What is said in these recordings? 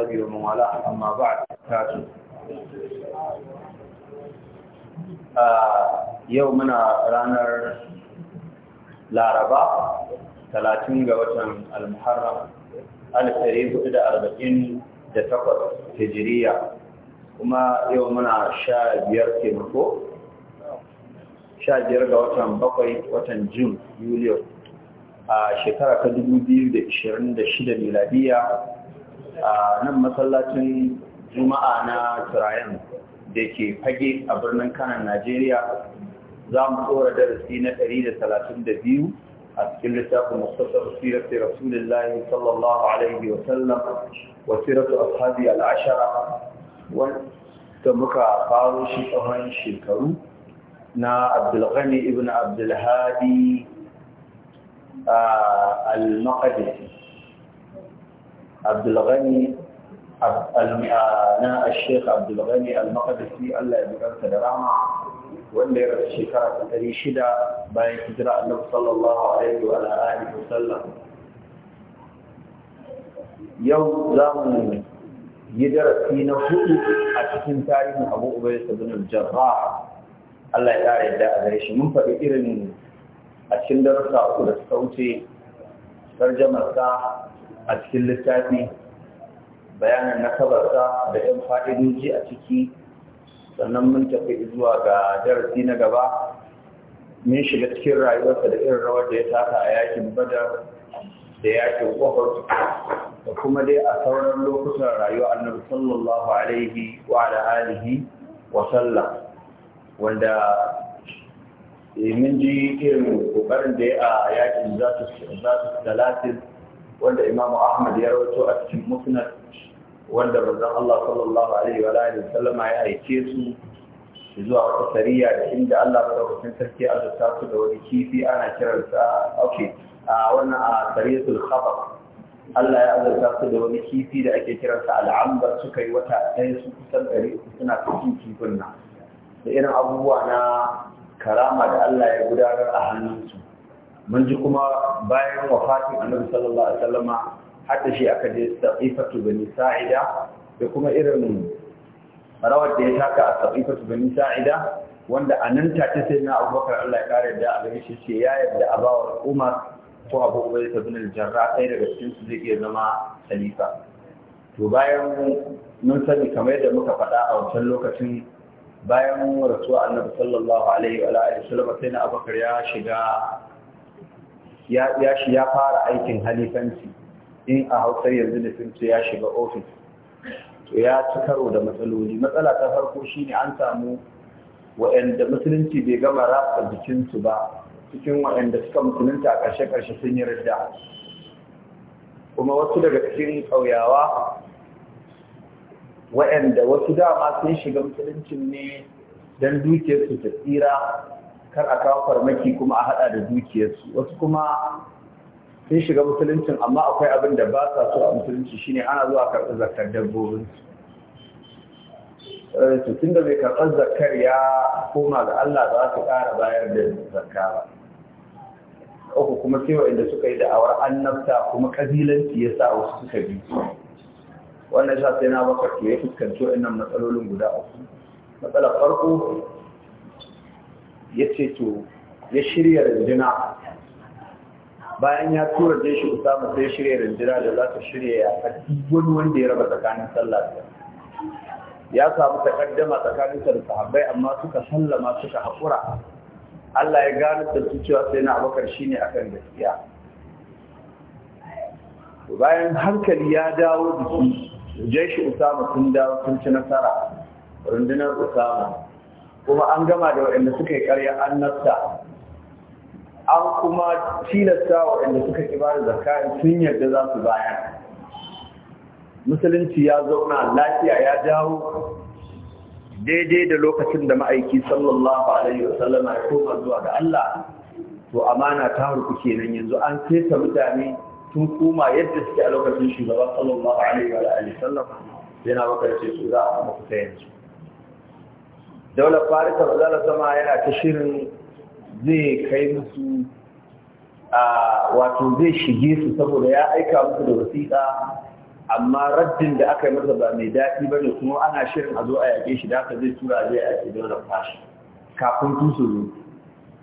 وأصحابه ومن والاه أما yau muna ranar laraba talatin ga watan almuharram takwas hijiriya kuma yau muna sha biyar taimako sha biyar ga watan bakwai watan jun yuliyo a shekara ta 2026 miladiya a nan masallacin juma'a na turayen da ke fage a birnin kanan najeriya za mu tsora darasi na 132 a cikin littafin mustapha sirar rasulullahi sallallahu alaihi wa sallam wa siratu ashabi al'ashara wanda muka faro shi tsohon shekaru na abdulghani ibn abdulhadi al-maqdisi عبد الغني انا آه، الشيخ عبد الغني المقدسي الله يبارك دراما واللي الشيخات تريشدا بين كدرا النبي صلى الله عليه وعلى اله وسلم يوم زمن يدر في نفوس أتكن تاريخ أبو أبي بن الجراح الله يدعي الدعاء ذريش من فقيرين أتكن درسة أقول الصوتي ترجم الساحة a cikin littafi bayanin nasabarsa da ‘yan fa'idoji a ciki sannan mun tafi zuwa ga darasi na gaba mun shiga cikin rayuwarsa da irin rawar da ya taka a yakin badar da yakin ƙofar da kuma dai a sauran lokutan rayuwa annabi sallallahu alaihi wa alihi wa sallam wanda eh, mun ji irin ƙoƙarin da ya a yakin zata talatin wanda Imam Ahmad ya rawato a cikin Musnad wanda manzon Allah sallallahu alaihi wa alihi wasallama ya aike su zuwa wata sariya da inda Allah madaukakin sarki ya azurta su da wani kifi ana kiransa okay a wannan a sariyatul khabar Allah ya azurta su da wani kifi da ake kiransa al'ambar suka yi wata ɗaya su kusan ɗari suna cikin kifin nan da irin abubuwa na karama da Allah ya gudanar a hannunsu mun ji kuma bayan wafatin annabi sallallahu alaihi wasallama hadda shi aka je sa'ifatu bani sa'ida da kuma irin rawar da ya taka a sa'ifatu bani sa'ida wanda a nan take sai na abubakar Allah ya kare da a gare shi ce ya yadda a bawa umar ko abu ubai ta bin jarra ɗaya daga cikin su zai iya zama khalifa to bayan mun sani kamar yadda muka faɗa a wancan lokacin bayan rasuwa annabi sallallahu alaihi wa alihi wasallam sai na abubakar ya shiga ya shi ya fara aikin halifanci in a hausar yanzu da sun ya shiga ofis ya ci karo da matsaloli matsala ta farko shine an samu wa'anda musulunci bai gama rasa jikinsu ba cikin wa'anda suka musulunta a ƙarshe-ƙarshe sun yi rida kuma wasu daga cikin ƙauyawa wa'anda wasu dama sun shiga musuluncin ne don dukiyarsu ta tsira kar a kawo farmaki kuma a hada da dukiyarsu wasu kuma sun shiga musuluncin amma akwai abin da ba sa so a musulunci shine ana zuwa eh, karɓar zakar dabbobin su tun da bai karɓar zakar ya koma ga Allah za su ƙara bayar da zakka ba uku kuma sai waɗanda suka yi da'awar annabta kuma kabilanci ya sa wasu suka bi wannan sha sai na baka ke fuskanci waɗannan matsalolin guda uku matsalar farko ya ce to ya shirya rindina bayan ya tura je shi usama sai shirya rindina da za ta shirya ya wani wanda ya raba tsakanin sallah da ya samu takaddama tsakanin sa da sahabbai amma suka sallama suka haƙura Allah ya gano da su cewa sai na abakar shine akan gaskiya bayan hankali ya dawo jiki, su jeshi usama sun dawo sun ci nasara rundunar usama kuma an gama da waɗanda suka yi ƙarya an nasta an kuma tilasta waɗanda suka ƙi bada zakka sun yarda za su bayar musulunci ya zauna lafiya ya dawo daidai da lokacin da ma'aiki sallallahu alaihi sallam ya koma zuwa ga Allah to amana ta harku kenan yanzu an fesa mutane tun koma yadda suke a lokacin shugaba sallallahu alaihi wa sallam yana bakar ce su za a kuma yanzu daular farisa ba zala sama yana ta shirin zai kai musu a wato zai shige su saboda ya aika musu da wasiƙa amma raddin da aka yi masa ba mai daɗi ba ne kuma ana shirin a zo a yaƙe shi da aka zai tura zai yaƙe daular fashi kafin su su zo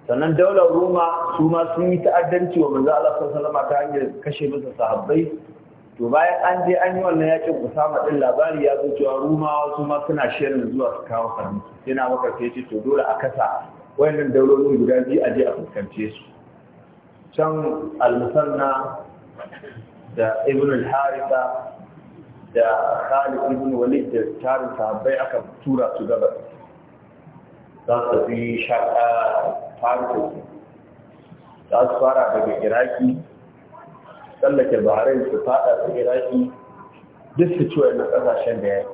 sannan daular roma su ma sun yi ta'addanci wa manzo Allah sallallahu alaihi ta hanyar kashe masa sahabbai to bayan an je an yi wannan yakin Usama din labari ya zo cewa Rumawa su ma suna shirin zuwa su kawo farmaki yana maka sai ce to dole a kasa wayannan daulolin guda biyu a je a fuskance su can almusanna da ibn al harisa da Khalid ibn Walid da tarin sahabbai aka tura su gaba za su tafi shaka eh, farko za su fara daga Iraki tsallake bahrain su fada su iraki duk su ciwo na ƙasashen da ya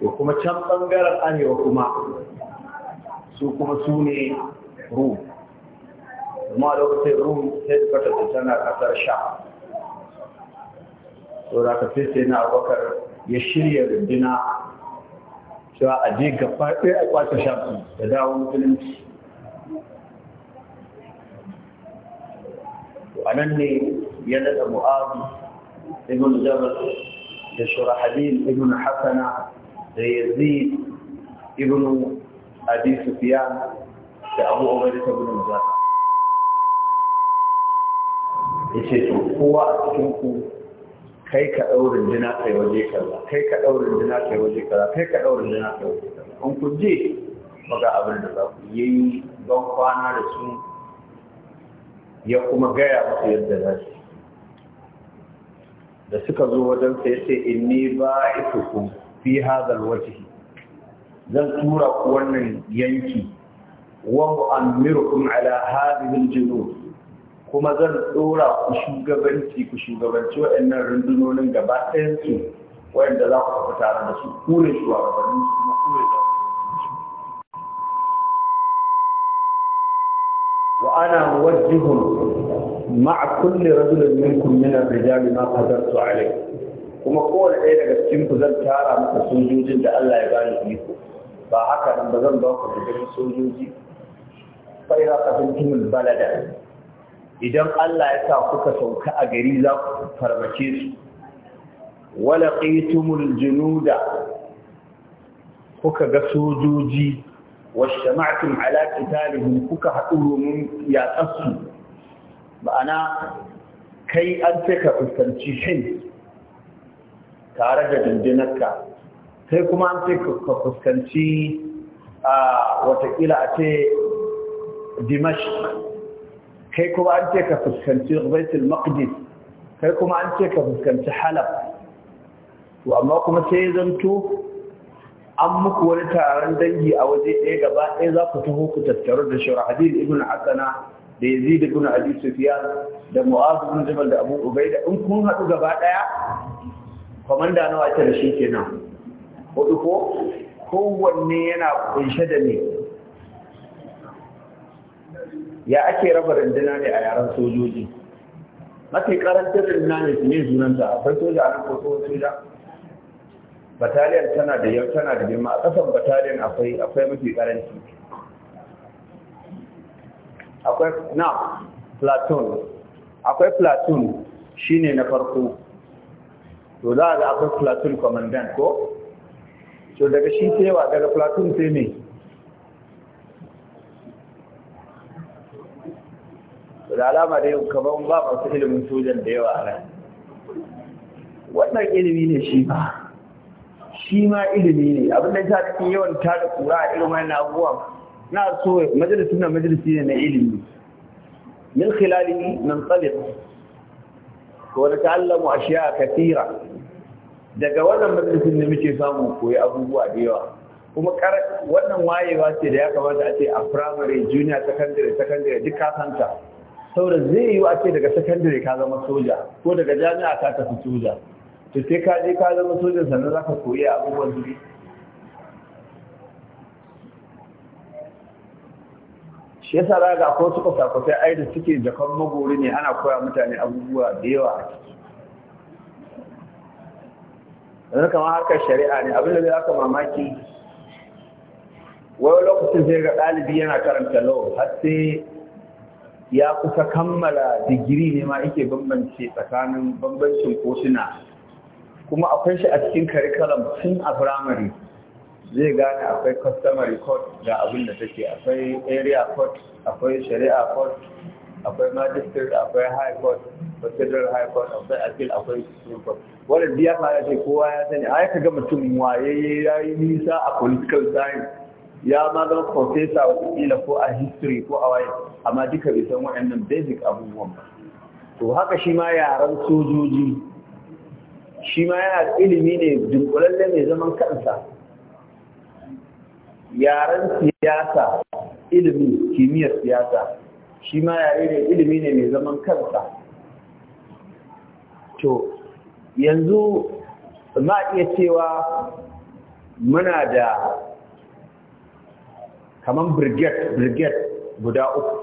yi kuma can ɓangaren arewa kuma su kuma su ne rum kuma lokacin rum sai da tana kasar sha da ka fi sai na abokar ya shirya rundina cewa a je gaba ɗaya a kwata shafi da dawo musulunci a nan ne ya daga mu'adu ibn jabal da shurahabil ibn Hassana da yazid ibn abi sufyan da abu ubaidah ibn mujahid yace to kowa a cikin ku kai ka daurin jina kai waje kaza kai ka daurin jina kai waje kaza kai ka daurin jina kai waje kaza an ku je maga abin da za ku yi ban kwana da su ya kuma gaya musu yadda za su da suka zo wajen sai sai inni ba'ithukum fi hadha alwajhi zan tura ku wannan yanki wa amirukum ala hadhihi aljunub kuma zan dora ku shugabanci ku shugabanci waɗannan rundunonin gaba ɗayan su waɗanda za ku fita tare da su kure shugabannin su kuma kure da wa ana muwajjihun ma'a kunne rajulin minkum min ar-rijali ma qadartu kuma kowane ɗaya daga cikin ku zan tara maka sojojin da Allah ya bani iko ba haka nan ba zan ba ku dukkan sojoji fa idza qadantumul balada idan Allah ya sa kuka sauka a gari za ku farmace su wala qitumul junuda kuka ga sojoji washama'tum ala qitalihim kuka haɗu domin ya ma'ana kai an ce ka fuskanci hin tare da dindinarka sai kuma an ce ka fuskanci a watakila a ce dimash kai kuma an ce ka fuskanci baitul maqdis kai kuma an ce ka fuskanci halab to amma kuma sai zanto an muku wani taron dangi a waje ɗaya gaba ɗaya za ku taho ku tattaru da shawar hadith ibn asana da da ibn Abi sufiya da Mu'adh bin Jabal da Abu Ubaida in kun haɗu gaba ɗaya komanda nawa ce da shi kenan hudu ko kowanne yana kunshe da ne ya ake raba rundunar ne a yaren sojoji mafi karantar rundunar ne su ne sunanta akwai soja a nan ko tsohon soja battalion tana da yau tana da girma a kasan battalion akwai akwai mafi karanci akwai na platon, akwai platon shine na farko to za ga akwai platon commandant ko to daga shi tewa daga platon sai ne da alama da yau kaban ba masu ilimin sojan da yawa a wannan ilimi ne shi ba shi ma ilimi ne abin da ta cikin yawan tada kura a irin wani abubuwan na so majalisi na majalisi ne na ilimi min khilali nan talib ko da ta'allamu ashiya kathira daga wannan majalisin ne muke samu koyi abubuwa da yawa kuma wannan wayewa ce da ya kamata a ce a primary junior secondary secondary duk ka santa saboda zai yi a ce daga secondary ka zama soja ko daga jami'a ka tafi soja to sai ka je ka zama sojan sannan za ka koyi abubuwan su shi yasa za ga akwai suka sakwatai ai da suke jakan magori ne ana koya mutane abubuwa da yawa a ciki yanzu kamar harkar shari'a ne abin da zai aka mamaki Wai lokacin sai ga ɗalibi yana karanta law har sai ya kusa kammala digiri ne ma yake bambance tsakanin bambancin kotuna kuma akwai shi a cikin curriculum tun a firamare zai gane akwai customer court ga abin da take akwai area court akwai shari'a court akwai magistrate akwai high court akwai federal high court akwai appeal akwai supreme court wanda biya fara ce kowa ya sani a ka ga mutum waye ya yi nisa a political science ya ma ga professor wata ko a history ko a waye amma duka bai san waɗannan basic abubuwan ba to haka shi ma yaran sojoji shi ma yana ilimi ne dunkulalle mai zaman kansa yaren siyasa ilimi kimiyyar siyasa shi ma yare ne ilimi ne mai zaman kansa to yanzu ma iya cewa muna da kaman brigade brigade guda uku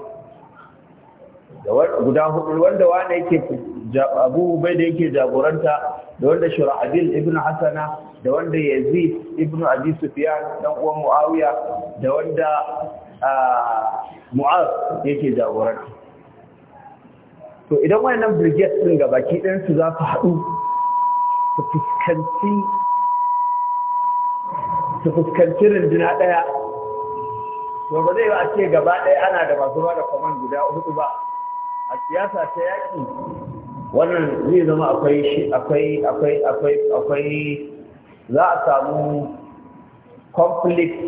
guda hudu wanda wane yake abu ubai da yake jagoranta da wanda shura'adil ibn Hassana, da wanda yazid ibn abi sufyan dan uwan muawiya da wanda mu'az yake jagoranta to idan wayannan brigade din gabaki ɗayan su za su haɗu su fuskanci su fuskanci ɗaya to ba zai ba a ce gaba ɗaya ana da masu ba da kwaman guda hudu ba a siyasa ta yaƙi wannan zai zama akwai akwai akwai akwai akwai za a samu conflict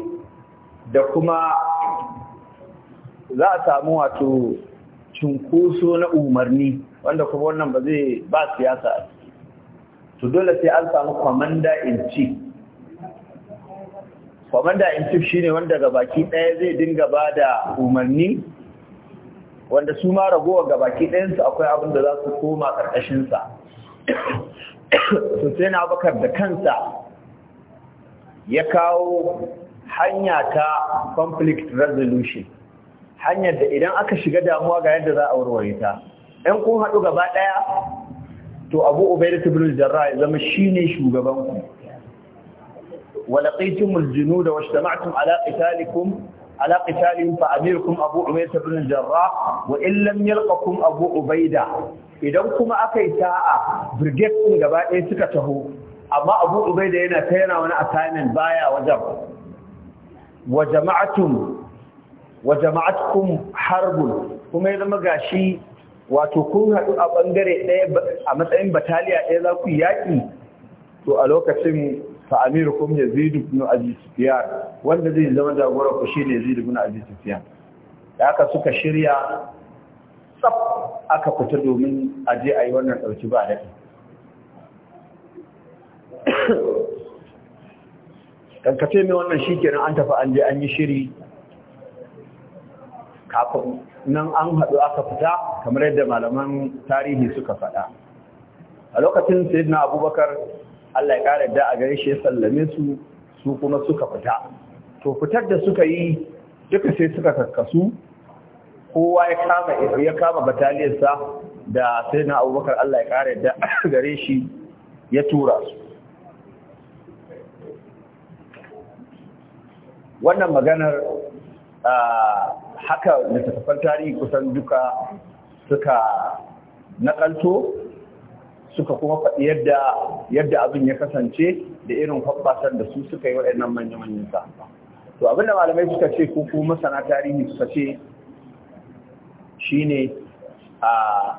da kuma za a samu wato cunkoso na umarni wanda kuma wannan ba zai ba siyasa to dole sai an samu commander in chief commander in chief shine wanda ga baki ɗaya zai dinga ba da umarni wanda su ma ragowa ga baki ɗayansu akwai abin da za su koma ƙarƙashinsa sosai na bakar da kansa ya kawo hanya ta conflict resolution hanyar da idan aka shiga damuwa ga yadda za a warware ta ɗan kun haɗu gaba ɗaya to abu ubaidatu bin jarra ya zama shine ne shugabanku. wa da junuda wajtama'tum ala qitalikum ala qitalihim kuma amirkum abu ubayda ibn jarrah wa in lam yalqakum abu ubayda idan kuma aka yi ta'a brigade ɗin gaba ɗaya suka taho amma abu ubayda yana ta yana wani assignment baya wajen wa jama'atum wa jama'atkum harbun kuma ya zama gashi wato kun haɗu a ɓangare ɗaya a matsayin bataliya ɗaya za ku yaƙi to a lokacin fa amirukum yazid ibn abi sufyan wanda zai zama jagora ku shine yazid ibn abi sufyan da haka suka shirya tsaf aka fita domin aje ayi wannan dauki ba da kankace mai wannan shikenan an tafi an je an yi shiri kafin nan an haɗu aka fita kamar yadda malaman tarihi suka faɗa a lokacin sayyidina abubakar Allah ya ƙara da a gare shi ya sallame su su kuma suka fita to fitar da suka yi duka sai suka kakkasu kowa ya kama ya kama bataliyarsa da sai na abubakar Allah ya ƙara da gare shi ya tura su wannan maganar haka littattafan tarihi kusan duka suka nakalto suka kuma faɗi yadda yadda abin ya kasance da irin hoɓɓasar da su suka yi waɗannan manya-manyan sa. to abin da malamai suka ce ko kuma masana tarihi suka ce shine a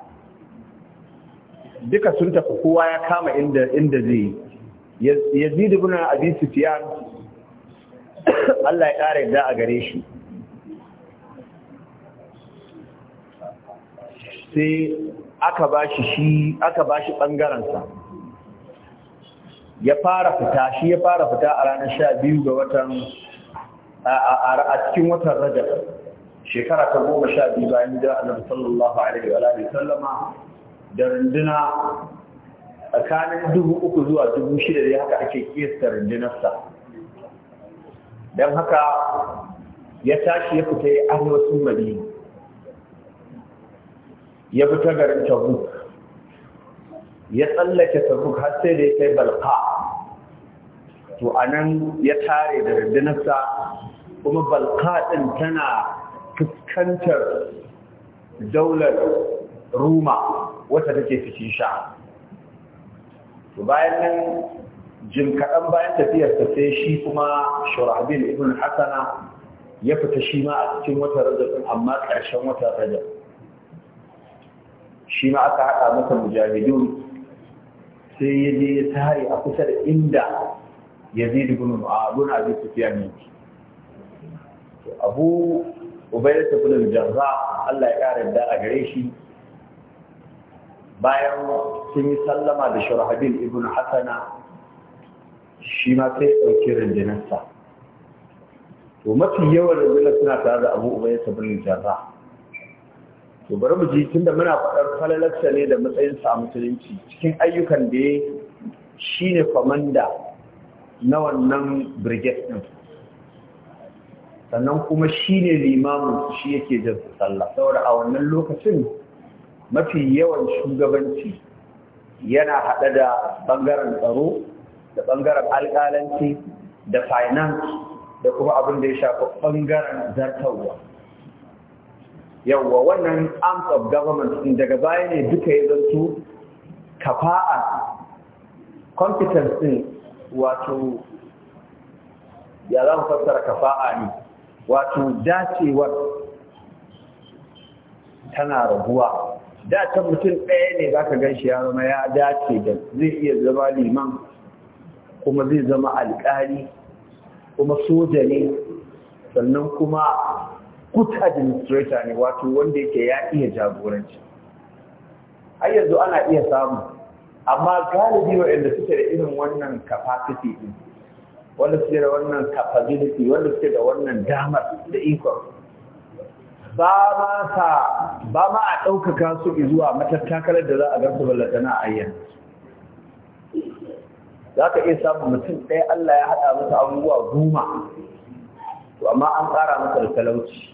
duka sun tafi kowa ya kama inda inda zai yazid ibn abi sufyan Allah ya ƙara yadda a gare shi sai aka ba shi aka shi bangaransa ya fara fita shi ya fara fita a ranar sha biyu ga watan a cikin watan Rajab shekara ta biyu bayan da Annabi sallallahu alaihi wa alihi sallama da runduna tsakanin dubu uku zuwa dubu shida dai haka ake kiyasta rundunarsa don haka ya tashi ya fita ya arewacin madina ya fita garin tabuk ya tsallake tabuk har sai da ya kai balka to a nan ya tare da rundunarsa kuma balka ɗin tana fuskantar daular ruma wata take cikin sha bayan nan jim kaɗan bayan tafiyarsa sai shi kuma shurahbil ibn hassana ya fita shi ma a cikin wata rajabin amma ƙarshen watan rajab shi ma aka haɗa masa mujahidun sai ya je ya tare a kusa da inda ya zai yazid ibn mu'awun abi sufyan yake abu ubaidah ibn jarra Allah ya ƙara da a gare shi bayan sun yi sallama da shurahbil ibn hasana shi ma sai dauki rundunarsa to mafi yawan rundunar suna tare da abu ubaidah ibn jarra to bari mu ji tunda muna faɗar falalaksa ne da matsayin sa musulunci cikin ayyukan da ya shi ne kwamanda na wannan brigade ɗin sannan kuma shi ne shi yake jin sallah saboda a wannan lokacin mafi yawan shugabanci yana haɗa da ɓangaren tsaro da ɓangaren alƙalanci da finance da kuma abin da ya shafi ɓangaren zartarwa yawwa wannan arms of government din daga baya ne duka ya zanto kafa'a competence wato ya za mu fassara kafa'a ne wato dacewar tana raguwa da ta mutum ɗaya ne za ka gan ya zama ya dace da zai iya zama liman kuma zai zama alƙali kuma soja ne sannan kuma good administrator ne wato wanda yake ya iya jagoranci har yanzu ana iya samu amma galibi waɗanda suke da irin wannan capacity din wanda suke da wannan capability wanda suke da wannan damar da ikon ba ma sa ba ma a ɗaukaka su zuwa matattakalar da za a gansu ballatana a yanzu za ka iya samun mutum ɗaya Allah ya haɗa masa abubuwa goma to amma an ƙara masa da talauci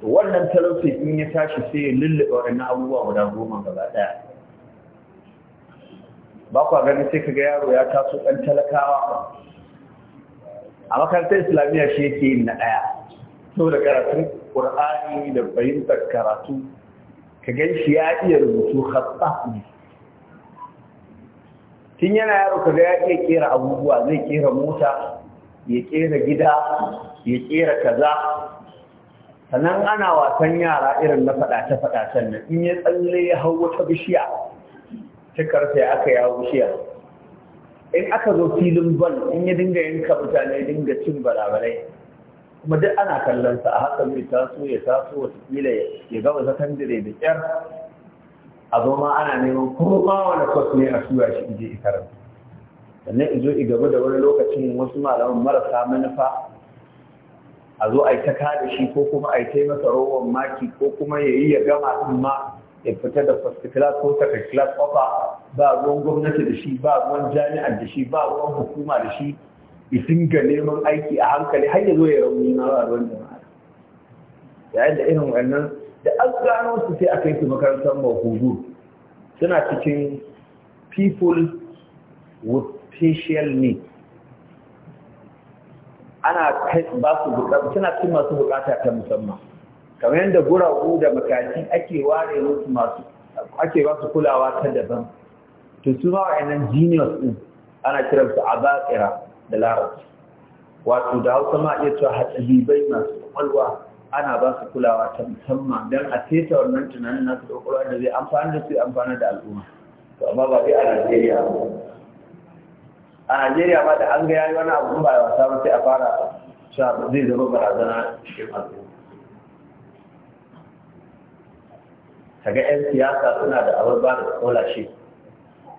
wannan talauci in ya tashi sai ya lullube waɗannan abubuwa guda goma gaba ɗaya ba kwa gani sai kaga yaro ya taso ɗan talakawa a makarantar islamiyya shi yake yin na ɗaya so da karatun ƙur'ani da fahimtar karatu ka gan shi ya iya rubutu hatsa ne tun yana yaro kaga ya iya ƙera abubuwa zai ƙera mota ya ƙera gida ya ƙera kaza sannan ana wasan yara irin na faɗace-faɗacen nan in ya tsalle ya hau wata bishiya ta sai aka yawo bishiya in aka zo filin ball in ya dinga yanka mutane dinga cin barabarai kuma duk ana kallon sa a haka mai taso ya taso kila ya gaba sakandare da kyar a zo ma ana neman kuma wani kwas ne a suya shi ije ikarar sannan in zo i gaba da wani lokacin wasu malaman marasa manufa a zo a yi ta kada shi ko kuma a yi ta masa rowan maki ko kuma ya yi ya gama din ma ya fita da first class ko second class offer ba ruwan gwamnati da shi ba ruwan jami'ar da shi ba ruwan hukuma da shi ya dinga neman aiki a hankali har ya zo ya rauni na ba ruwan jama'a yayin da irin wannan da an gano su sai a yi su makarantar mahudu suna cikin people with special needs ana kai ba su bukata suna cin masu bukata ta musamman kamar yadda guragu da makaci ake ware musu masu ake ba su kulawa ta daban to su ma wa'annan genius din ana kiran su abaqira da larabci wato da hausa ma iya cewa hatsabibai masu kwakwalwa ana ba su kulawa ta musamman don a seta wannan tunanin nasu da kwakwalwa da zai amfani da su amfani da al'umma to amma ba dai a Najeriya ba a Najeriya ba da an gaya wani abu ba wasa ba sai a fara cewa zai zama barazana cikin al'umma ga 'yan siyasa suna da abin ba da scholarship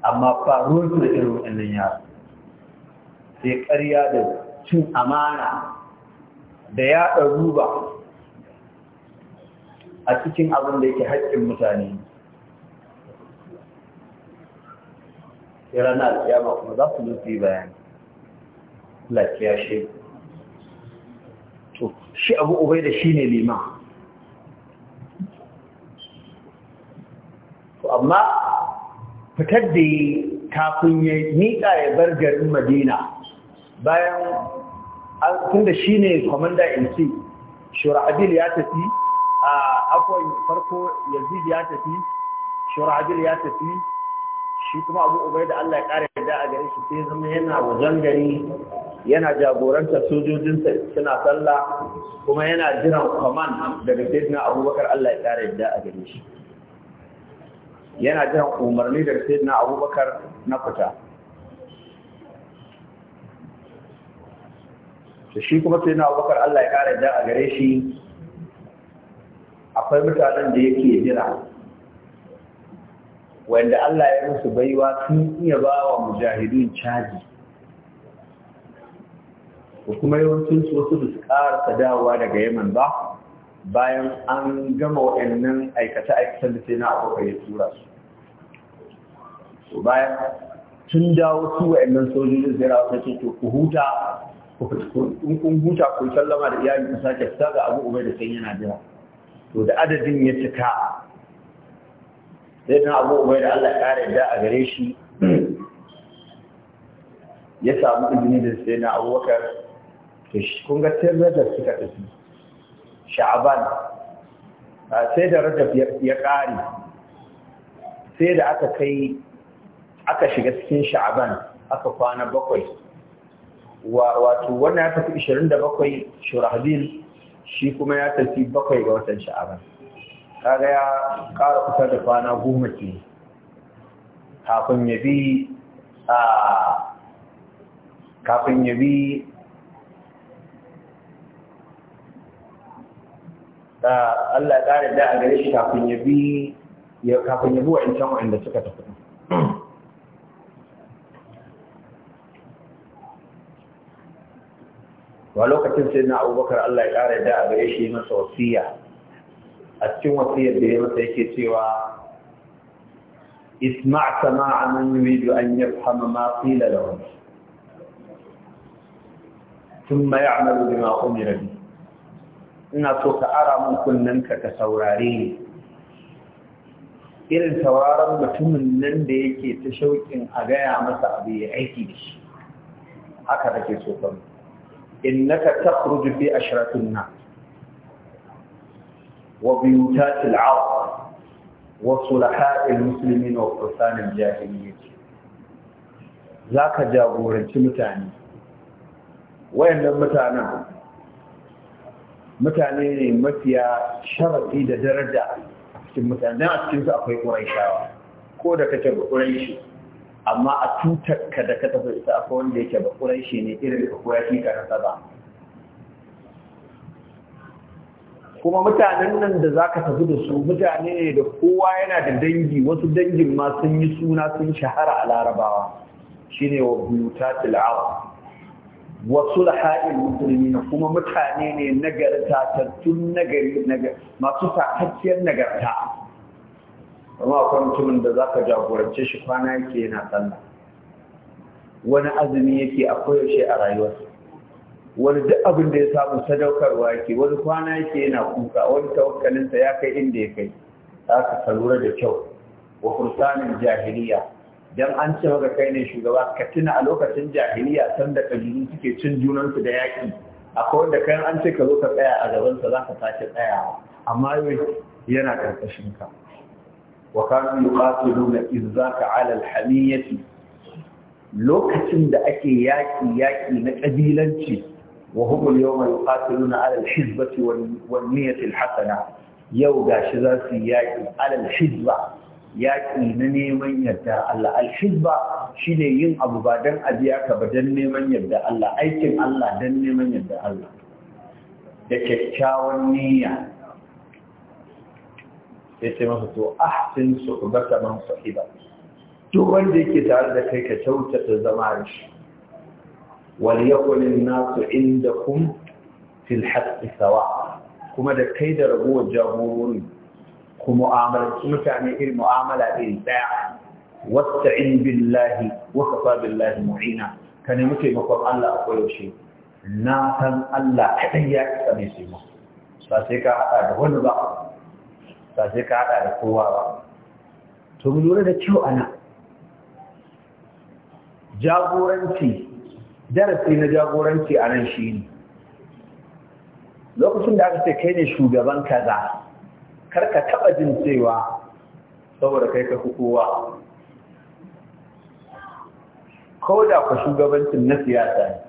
amma faruwar su da irin wannan ya sai ƙarya da cin amana da yaɗa ruba a cikin abin da yake haƙƙin mutane sai ranar alkiyama kuma za su lufi bayani lafiya shi to shi abu ubai da shi ne lima. to amma fitar da yi kafin ya miƙa ya bar garin madina bayan tun da shi ne in ce, shura'adil ya tafi a akwai farko yanzu ya tafi shura'adil ya tafi shi kuma abu ubai da Allah ya ƙara yadda a gare shi sai zama yana wajen gari yana jagoranta sojojinsa suna sallah kuma yana jiran kwaman daga sayyidina abubakar Allah ya ƙara yadda a gare shi yana jiran umarni daga sayyidina abubakar na fita shi kuma sayyidina abubakar Allah ya ƙara yadda a gare shi akwai mutanen da yake jira wanda Allah ya musu baiwa sun iya ba wa mujahidin caji ko kuma yawancin su wasu su ƙara dawowa daga Yemen ba bayan an gama waɗannan aikace-aikacen da sai na abokan ya tura su bayan tun dawo su waɗannan sojojin zai rawa sai to ku huta kun huta ku sallama da iyali ku sake fita ga abu ubai da san yana jira to da adadin ya cika sai na abu ubai da Allah ƙara da a gare shi ya samu izini da sai na abubakar to kun ga tirar da suka tafi sha'aban sai da rajab ya ƙare sai da aka kai aka shiga cikin sha'aban aka kwana bakwai wato wannan ya tafi 27 shurahbil shi kuma ya tafi bakwai ga watan sha'aban kaga ya ƙara kusa da kwana goma ke kafin ya bi a kafin ya bi Allah ya ƙara da a gare shi kafin ya bi ya kafin ya bi wa'ancan wa'anda suka tafi wa lokacin sai na abubakar Allah ya ƙara da a gare shi masa wasiya أتشم في بهم سيكي سوى اسمع سماع من يريد أن يفهم ما قيل لهم ثم يعمل بما أمر به إن سوك أرى من كننك كثوراري إذن ثورارا متم من بيكي تشوك إن أغايا مسا عيكي بش هكذا كي سوكم إنك تخرج في أشرة الناس وبيوتات العرب وصلحاء المسلمين وفرسان الجاهلية ذاك جابورا متاني وين متانا mutane ne mafiya sharafi da daraja cikin mutane a cikin su akwai ƙuraishawa ko da kake ba amma a tutar ka da ka tafi akwai wanda yake ne irin ka koya kika na kuma mutanen nan da zaka tafi da su mutane ne da kowa yana da dangi wasu dangin ma sun yi suna sun shahara a larabawa shine wa buyutatil wasu laha'in Musulmi na kuma mutane ne nagarta tattun nagari masu takakkiyar nagarta amma akwai mutumin da zaka jagorance shi kwana yake yana sallah wani azumi yake akwai yaushe a rayuwarsa wani duk abin da ya samu sadaukarwa yake wani kwana yake yana kuka wani tawakkalinsa ya kai inda ya kai za ka lura da kyau wa fursanin jahiliya dan an ce maka kai ne shugaba ka tuna a lokacin jahiliya san da kabilu suke cin junansu da yaƙi akwai wanda kai an ce ka zo ka tsaya a gabansa za ka sake tsayawa amma yana ƙarƙashin ka wa kanu yuqatiluna izzaka ala alhamiyati lokacin da ake yaƙi yaƙi na ƙabilanci وهم اليوم يقاتلون على الحزبة والنية الحسنة يو غاشذا سياكي على الحزبة yaƙi na neman yadda Allah alhizba shine yin abu ba dan abiya ka ba don neman yadda Allah aikin Allah don neman yadda Allah da kyakkyawan niyya sai ce masa to ahsin suhbata man sahiba duk wanda yake tare da kai ka kyautata zama da shi وليكن الناس عندكم في الحق سواء كما da kai da raguwar jagorori ku mu'amalanci mutane irin mu'amala irin daya wasta'in billahi wa kafa billahi mu'ina ka nemi taimakon Allah a koyaushe na san Allah kaɗai ya isa mai taimako ba sai ka haɗa da wani ba sai ka haɗa da kowa ba to mu da kyau ana jagoranci darasi na jagoranci a nan shi ne lokacin da aka ce kai ne shugaban kaza kar ka taɓa jin cewa saboda kai ka fi kowa ko da ku shugabancin na siyasa ne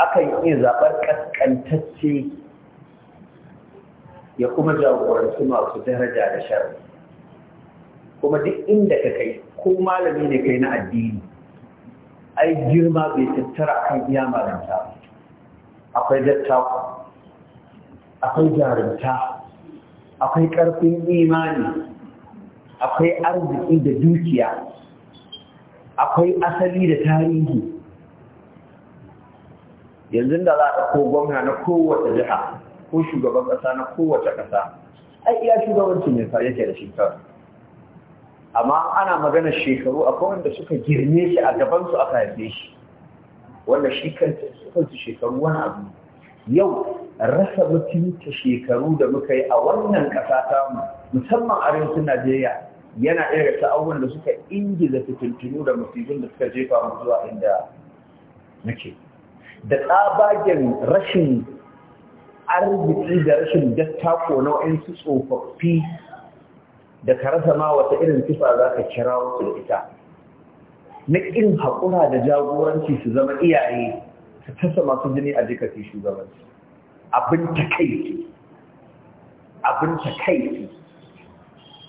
akan iya zaɓar ƙasƙantacce ya kuma jagoranci masu daraja da shari kuma duk inda ka kai ko malami ne kai na addini ai girma bai tattara kan iya malanta akwai dattawa akwai jarumta akwai ƙarfin imani akwai arziki da dukiya akwai asali da tarihi yanzu da za a ko gwamna na kowace jiha ko shugaban ƙasa na kowace ƙasa ai iya shugabancin ne fa yake da shi amma ana magana shekaru akwai wanda suka girme shi a gabansu aka haife shi wanda shi kansu shekaru wani abu yau rasa mutunta shekaru da muka yi a wannan ƙasa tamu musamman arewacin najeriya yana irin sa'awun da suka ingiza fitintunu da musibin da suka jefa mu zuwa inda nake da tsabagen rashin arziki da rashin dattako na wa'insu tsofaffi da ka rasa ma wata irin sifa za ka kira wasu da ita na irin haƙura da jagoranci su zama iyaye su tasa masu jini a jikati shugabanci abin takaici abin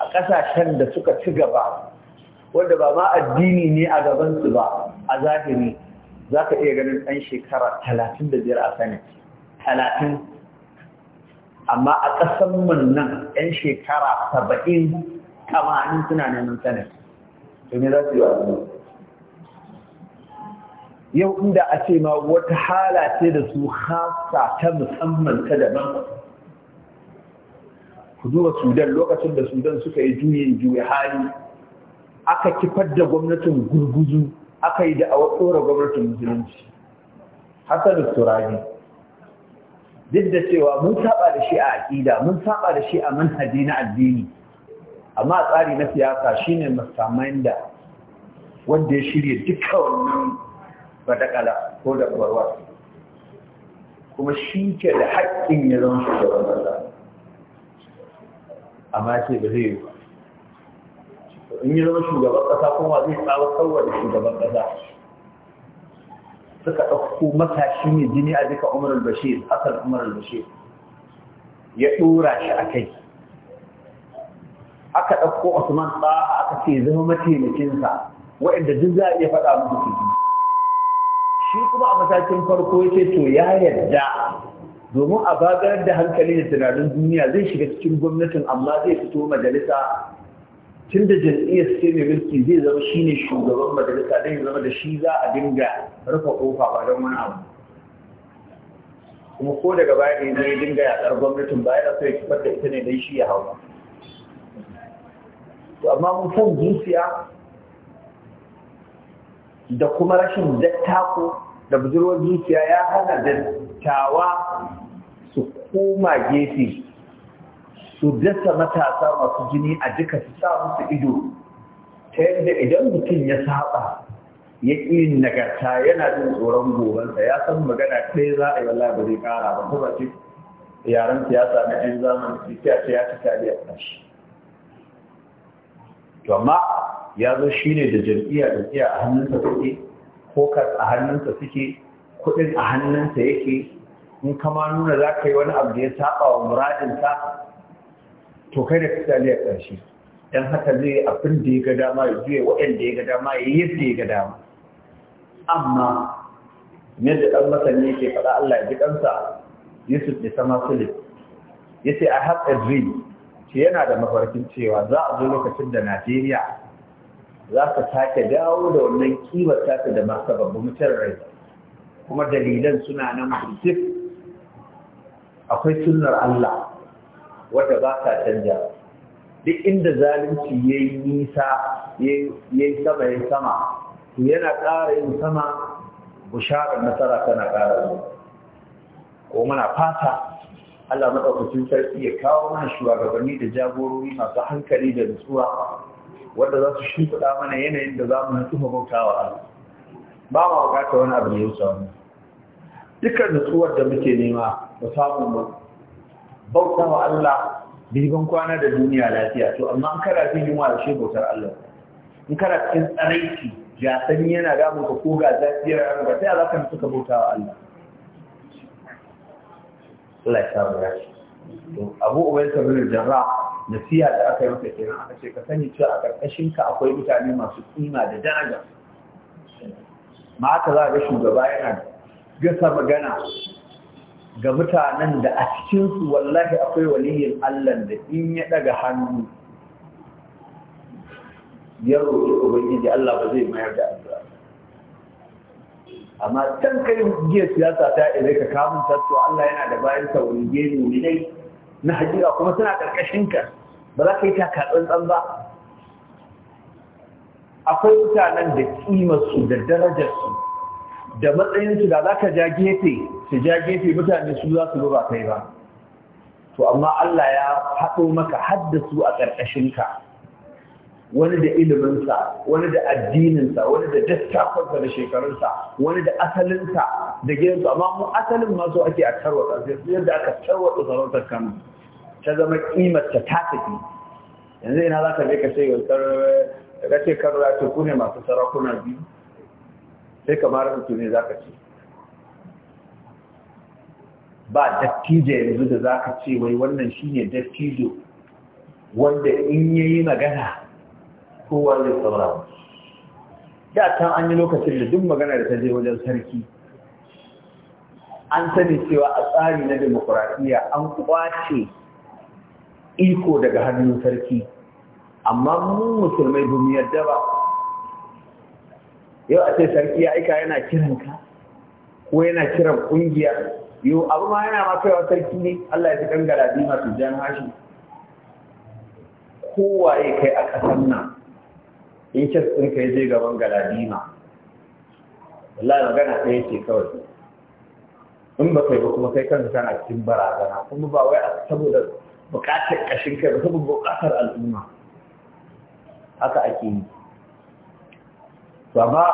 a ƙasashen da suka ci gaba wanda ba ma addini ne a gabansu ba a zahiri za ka iya ganin ɗan shekara talatin da biyar a sanat talatin amma a ƙasar nan 'yan shekara saba'in tamanin suna neman sanin to ne za su yi wa yau inda a ce ma wata hala ce da su hasa ta musamman ta daban ku duba sudan lokacin da sudan suka yi juyin juya hali aka kifar da gwamnatin gurguzu aka yi da a tsora gwamnatin musulunci hasan turabi duk da cewa mun saba da shi a aƙida mun saba da shi a manhaji na addini amma a tsari na siyasa shine musamman da wanda ya shirya duka wannan fadakala ko da barwa kuma shi ke da haƙƙin ya zama shugaban ƙasa amma ce ba zai yi in yi zama shugaban ƙasa kuma zai tsawatarwa da shugaban ƙasa suka ɗauko matashi mai jini a duka umar al-bashir umar al-bashir ya ɗora shi a kai aka ɗauko usman ɗa'a aka ce zama mataimakinsa waɗanda duk za a iya faɗa musu su shi kuma a matakin farko ya ce to ya yarda domin a bagar da hankali da tunanin duniya zai shiga cikin gwamnatin amma zai fito majalisa tun da jam'iyyar sai mai mulki zai zama shi ne shugaban majalisa don zama da shi za a dinga rufe kofa ba don wani abu kuma ko daga baya ne zai dinga yaƙar gwamnatin baya da sai kifar da ita ne don shi ya hau to amma mun san zuciya da kuma rashin dattako da budurwar zuciya ya hana dattawa su koma gefe su dasa matasa masu jini a duka su sa musu ido ta yadda idan mutum ya saba ya ƙi nagarta yana jin tsoron gobansa ya san magana ɗaya za a yi wallahi ba ƙara ba ko ba ce yaren siyasa na 'yan zamani sai a ce ya ci tariya ƙarshe to amma ya zo shi ne da jam'iyya jam'iyya a hannunsa suke kas a hannunsa suke kuɗin a hannunsa yake in kama nuna za ka yi wani abu da ya saba wa muradinsa to kai da kasali a ƙarshe don haka zai abin da ya ga dama ya juya waɗanda ya ga dama ya yadda ya ga dama amma ne da ɗan masani ke faɗa Allah ya ji ɗansa Yusuf da sama sulit ya ce a have a dream yana da mafarkin cewa za a zo lokacin da Najeriya za ka sake dawo da wannan kiwar taka da masu babu mutar rai kuma dalilan suna nan burtif akwai sunnar Allah wadda ba ta canja duk inda zalunci ya yi nisa ya yi sama ya sama to yana ƙara yin sama bisharar nasara tana ƙara yi ko muna fata Allah maɗaukacin sarki ya kawo mana shugabanni da jagorori masu hankali da nutsuwa wadda za su shimfiɗa mana yanayin da za mu nutsu mu ba ma bukatar wani abu ne ya wuce wani dukkan nutsuwar da muke nema mu samu bauta wa Allah bilban kwana da duniya lafiya to amma an kara jin yunwa da shi bautar Allah in kara cikin tsaraiki ya sani yana damun ka ko ga zafiyar ran ba sai za ka mutu ka bauta wa Allah Allah ya sa mu to Abu bin nasiha da aka yi masa kenan aka ce ka sani cewa a karkashin ka akwai mutane masu kima da daraja ma aka za ga shugaba yana gasa magana ga mutanen da a cikinsu wallahi akwai waliyin Allah da in ya daga hannu ya roƙi ubangiji Allah ba zai mayar da addu'a amma can kai jiya siyasa ta ire ka kamun tattu Allah yana da bayan ta wani gene ne na hajira kuma suna karkashin ka ba za ka yi taka tsantsan ba akwai mutanen da kimar su da darajar su da matsayinsu da za ka ja gefe su ja gefe mutane su za su ba kai ba to amma Allah ya haɗo maka haddasu a ƙarƙashinka wani da iliminsa wani da addininsa wani da dattakonsa da shekarunsa wani da asalinsa da gidansu amma mu asalin masu ake a tarwata yadda aka tarwata sarautar kanu ta zama kimarta ta tafi yanzu ina za ka je ka ce ka ce karo ya ce ne masu sarakuna biyu sai kamar mutum ne za ka ce ba dattijo yanzu da za ka ce wai wannan shi ne dattijo wanda in ya yi magana ko wajen sauran da ta an yi lokacin da duk magana da ta je wajen sarki an sani cewa a tsari na demokuraɗiyya an kwace iko daga hannun sarki amma mun musulmai ba mu yarda ba yau a ce sarki ya aika yana kiran ka ko yana kiran kungiya yau abu ma yana ma kaiwa sarki ne Allah ya ji kan garadi masu jan hashi kowaye kai a ƙasar nan in ce sun kai je gaban galadima wallahi magana ɗaya ce kawai in ba kai ba kuma kai kanka kana cikin barazana kuma ba wai saboda buƙatar kashin kai ba saboda bukatar al'umma haka ake yi amma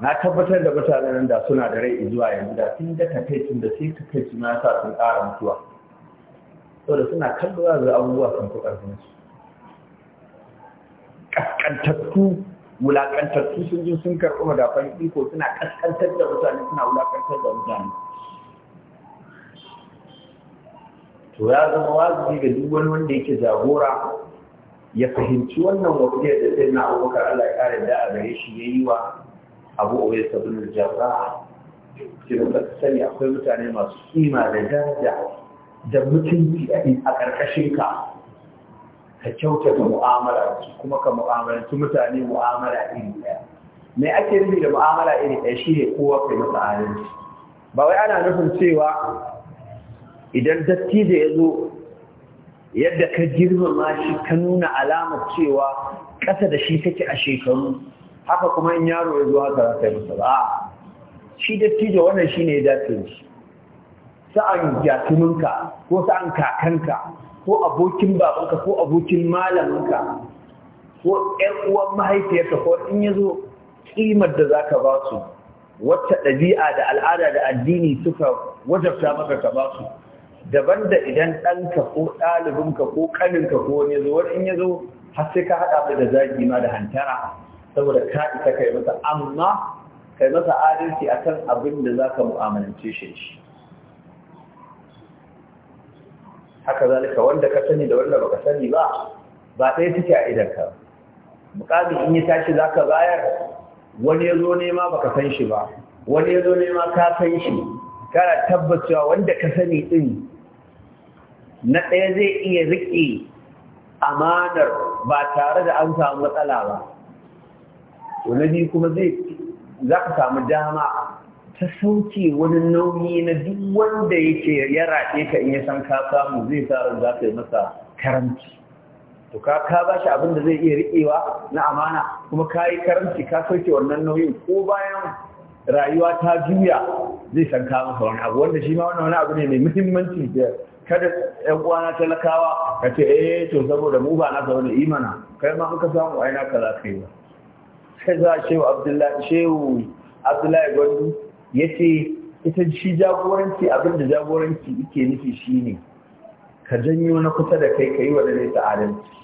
na tabbatar da mutanen nan da suna da rai zuwa yanzu da sun ga takaicin da sai takaicin na sa sun ƙara mutuwa saboda suna kallowa da abubuwa sun fi ƙarfin su kaskantattu wulaƙantattu sun ji sun karɓi madafan iko suna kaskantar da mutane suna wulaƙantar da mutane to ya zama wajibi ga duk wani wanda yake jagora ya fahimci wannan wasiyar da sai na abubakar Allah ya kare da a gare shi ya yi wa abu oye sabbin jabra shi da sani akwai mutane masu kima da daraja da mutunci a ƙarƙashin ka ka kyautata mu'amala kuma ka su mutane mu'amala iri ɗaya Mai ake nufi da mu'amala iri ɗaya shi ne kowa kai masa adalci ba wai ana nufin cewa idan dattijo ya zo yadda ka girmama shi ka nuna alamar cewa ƙasa da shi kake a shekaru haka kuma in yaro ya zo haka za ka yi masa ba shi dattijo wannan shi ne ya dace shi sa'an jatuminka ko sa'an kakanka ko abokin babanka ko abokin malaminka ko ƴan uwan mahaifiyarka ko in ya zo ƙimar da za ka ba su wacce ɗabi'a da al'ada da addini suka wajabta maka ka ba su daban da idan ɗanka ko ɗalibinka ko ƙaninka ko wani zo wani in ya zo har sai ka haɗa da zagi ma da hantara saboda ka isa kai masa amma kai masa adalci akan abin da za ka mu'amalance shi shi haka zalika wanda ka sani da wanda baka sani ba ba ɗaya take a ka. muƙami in ya tashi za ka bayar wani ya zo nema baka san shi ba wani ya zo nema ka san shi kana tabbacewa wanda ka sani ɗin na ɗaya zai iya riƙe amanar ba tare da an samu matsala ba wani biyu kuma zai za ka samu dama ta sauke wani nauyi na duk wanda yake ya raɗe ka in ya san ka samu zai tsara za ka yi masa karanci to ka ka ba shi abin da zai iya riƙewa na amana kuma ka yi karanci ka sauke wannan nauyin ko bayan rayuwa ta juya zai san ka masa wani abu wanda shi ma wani abu ne mai muhimmanci da kada ƴan uwana talakawa ka ce eh to saboda mu ba na ga wani imana kai ma an ka samu aina ka lafiya sai za shehu abdullahi shehu abdullahi gwandu ya ce ita shi jagoranci abin da jagoranci yake nufi shine ka janyo na kusa da kai ka yi wa ta adalci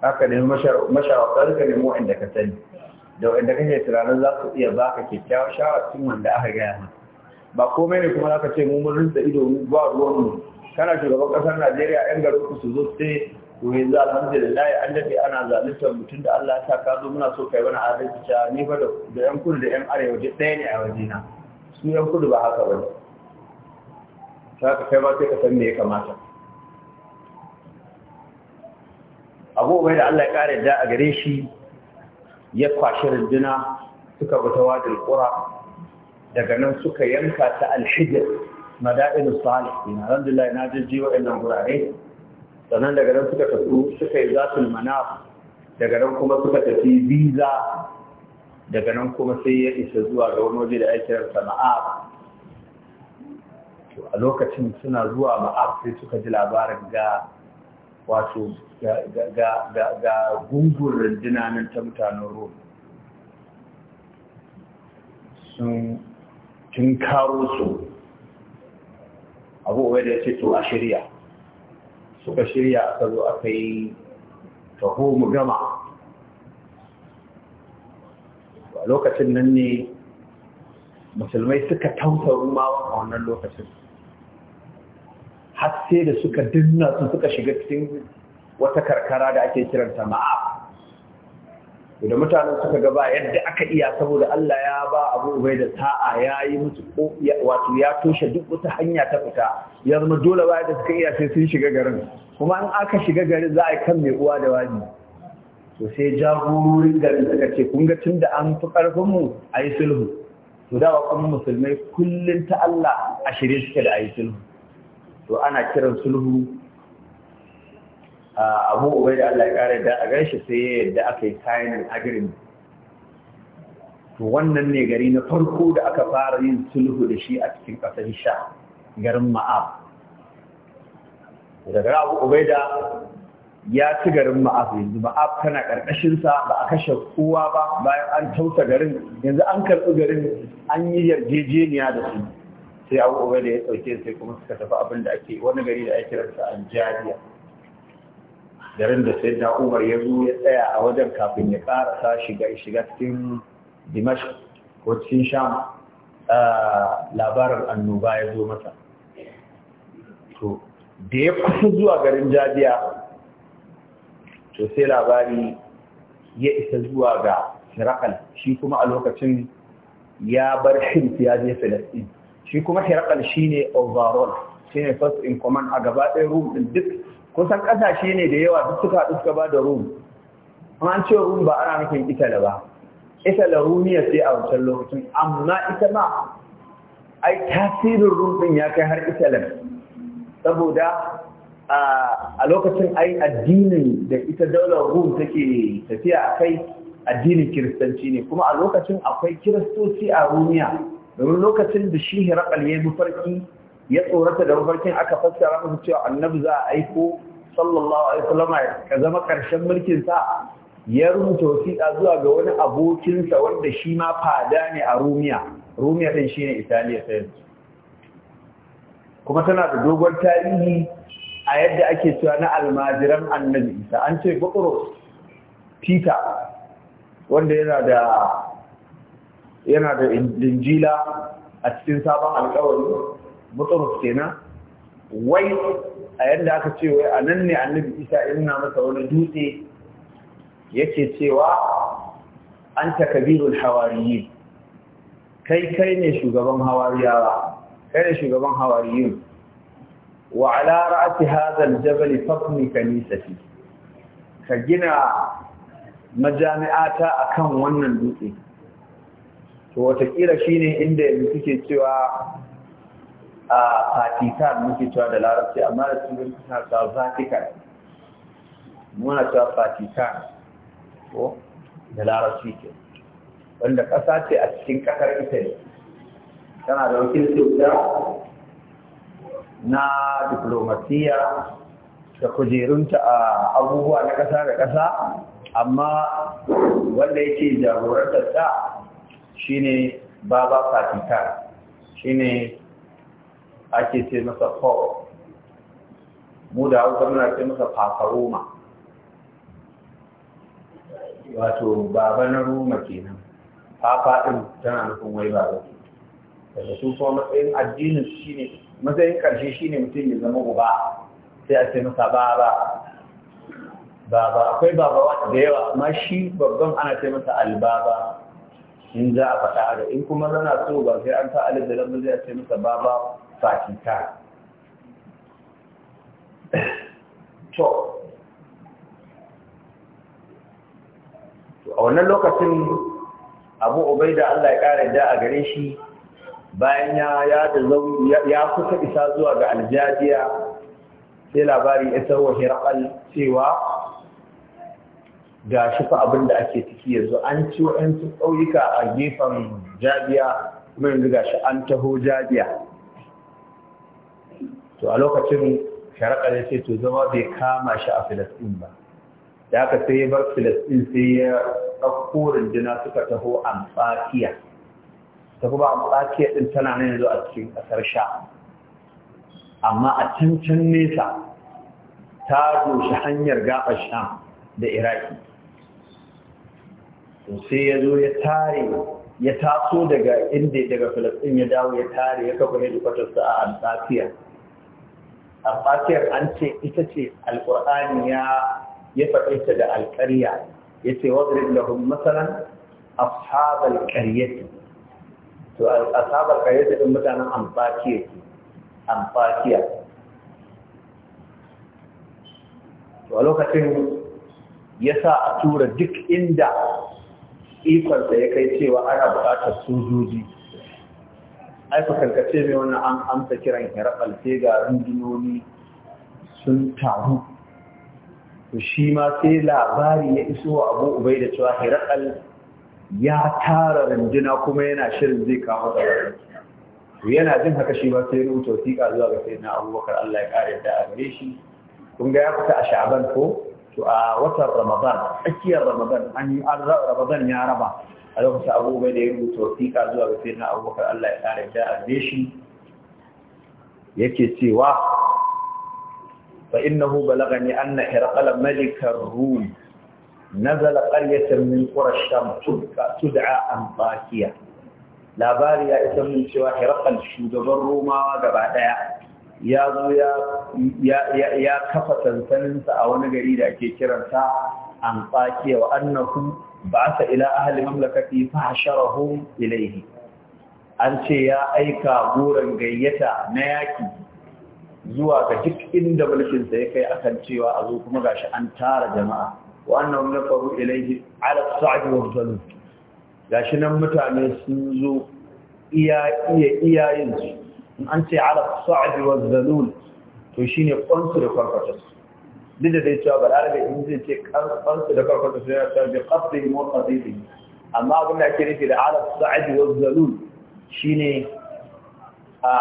haka ne mashawarta ka nemo inda ka sani da inda kake tunanin za ku iya baka kyakkyawar tun wanda aka gaya maka ba komai ne kuma ka ce mun mun rinsa ido mu ba ruwan mu kana shugaban kasar Najeriya yan garin ku su zo sai to yanzu alhamdulillah an dade ana zaluntar mutum da Allah ya sa ka zo muna so kai wani adalci ta ni fa da yan kudu da yan arewa duk ɗaya ne a na. su yan kudu ba haka bane ka kai ba sai ka san me ya kamata abu bai da Allah ya kare da a gare shi ya kwashi rinduna suka ta wajen kura daga nan suka yanka ta alhijir madainu salih din alhamdulillah na jijji wa'annan gurare sannan daga nan suka tafi suka yi zatul manaf daga nan kuma suka tafi visa daga nan kuma sai ya isa zuwa ga wani waje da ake rasa ma'ab a lokacin suna zuwa ma'ab sai suka ji labarin ga wato ga gungun rundunanin ta mutanen rom sun tun karo su abubuwa da ya ce to a shirya suka shirya aka zo aka yi taho mu gama a lokacin nan ne musulmai suka tausa ruma a wannan lokacin har sai da suka dinna su suka shiga cikin wata karkara da ake kiranta ma'af da mutanen suka gaba yadda aka iya saboda Allah ya ba abu ubai da sa'a ya yi musu wato ya toshe duk wata hanya ta fita ya zama dole ba da suka iya sai sun shiga garin kuma in aka shiga garin za a yi kan mai uwa da wani to sai jagororin garin suka ce kun ga tun da an fi karfin mu a yi sulhu to da wa kuma musulmai kullum ta Allah a shirye suke da a yi sulhu to ana kiran sulhu abu ubai da Allah ya kare da a gaishe sai ya yadda aka yi kayan agirin to wannan ne gari na farko da aka fara yin sulhu da shi a cikin ƙasar sha garin ma'ab daga abu ubai da ya ci garin ma'af yanzu ma'af tana ƙarƙashinsa ba a kashe kowa ba bayan an tausa garin yanzu an karɓi garin an yi yarjejeniya da su sai abu da ya ɗauke sai kuma suka tafi abin da ake wani gari da ake ransa an jariya garin da sai da umar ya zo ya tsaya a wajen kafin ya karasa shiga shiga cikin dimash ko cikin sham ah, labarin annoba ya zo masa to da ya kusa zuwa garin jabiya to sai labari ya isa zuwa ga hirakal shi kuma a lokacin ya bar shi ya je filistin shi kuma hirakal shine overall shine first in command a gaba ɗaya room duk kusan ƙasashe ne da yawa duk suka haɗu ba da rum an ce rum ba ana nufin itala ba itala rumiya sai a wancan lokacin amma ita ma ai tasirin rum ɗin ya kai har itala saboda a lokacin ai addinin da ita daular rum take tafiya a kai addinin kiristanci ne kuma a lokacin akwai kiristoci a rumiya domin lokacin da shi hirakal ya yi mafarki ya tsorata da mafarkin aka fassara masa cewa annabi za a aiko sallallahu alaihi wasallam ka zama karshen mulkin sa ya rubuta wasiƙa zuwa ga wani abokinsa wanda shi ma fada ne a Rumiya Rumiya din shine Italiya sai kuma tana da dogon tarihi a yadda ake cewa na almajiran annabi Isa an ce Bukuros Peter wanda yana da yana da injila a cikin sabon alƙawari mutarus kenan wai a yadda aka ce wai a nan ne annabi isa inna masa wani dutse yake cewa an takabirul hawariyin kai kai ne shugaban hawariyawa kai ne shugaban hawariyin wa ala ra'si hadha jabal fabni kanisati ka gina majami'ata akan wannan dutse to wata kira shine inda yanzu suke cewa a Vatican muke cewa da larabci amma da turanci suna cewa Vatican muna cewa Vatican ko da larabci ke wanda ƙasa ce a cikin ƙasar Italy tana da wakilci da na diplomasiya da kujerunta a abubuwa na ƙasa da ƙasa amma wanda yake jagorantar ta shine baba Vatican shine ake ce masa foro mu da hausa muna ce masa fafaroma wato baba na roma kenan fafa ɗin tana nufin wai ba zai. daga sun kuma matsayin addinin ne matsayin ƙarshe shine mutum ya zama uba sai a ce masa baba baba akwai baba da yawa amma shi babban ana ce masa albaba in za a faɗa da in kuma zana so ba sai an sa alif da lamu zai ce masa baba saki ta to a wannan lokacin abu da Allah ya kare da a gare shi bayan ya ya kusa isa zuwa ga aljajiya sai labari ya sarwa hirakal cewa ga shi fa abin da ake ciki yanzu an ci wa'yansu ƙauyuka a gefen jabiya kuma yanzu shi an taho jabiya to a lokacin sharaƙa ne sai to zama bai kama shi a filistin ba da aka sai bar filistin sai ya ɗauko rundunar suka taho amfakiya ta kuma amfakiya ɗin tana nan yanzu a cikin ƙasar sha amma a cancan nesa ta doshi hanyar gaɓar sha da iraki sai ya zo ya tare ya taso daga inda daga filistin ya dawo ya tare ya kafa hedikwatarsa a amfakiya a sai an ce ita ce alƙur'ani ya ya faɗe ta da alƙarya yace wadrib lahum masalan ashabal qaryati to ashabal qaryati ɗin mutanen amfakiya to a lokacin ya sa a tura duk inda ikonsa ya kai cewa ana buƙatar sojoji ai ku karkace mai wannan an amsa kiran hirafal sai ga rundunoni sun taru to shi ma sai labari ya iso wa abu ubai da cewa hirafal ya tara runduna kuma yana shirin zai kawo da to yana jin haka shi ma sai rubuta wasiƙa zuwa ga sai na abubakar allah ya ƙara da a gare shi kun ga ya fita a sha'aban ko to a watan ramadan tsakiyar ramadan an yi ramadan ya raba a lokacin abubuwa da ya rubuta wasiƙa zuwa ga sayyidina abubakar Allah ya gida da shi yake cewa fa innahu balagani anna hirqala malikar rum nazala qaryatan min qurash sham tud'a labari ya isa mun cewa hirqal shugaban romawa gaba daya ya zo ya kafa sansaninsa a wani gari da ake kiransa antakiya wa annahu ba'asa ila ahalin mamlakati fa ilaihi an ce ya aika goran gayyata na yaki zuwa ga duk inda mulkin sa ya kai akan cewa a zo kuma gashi an tara jama'a Wannan annahum nafaru ilaihi ala sa'd wa zalim gashi nan mutane sun zo iya iya iyayen su an ce ala sa'd wa zalul to shine kwansu da farfatarsu duk da dai cewa balarabe in zai ce kansu da karfan da suna ta bi qasdi mu qasdi amma abin da ake nufi da alaf sa'id wa zalul shine a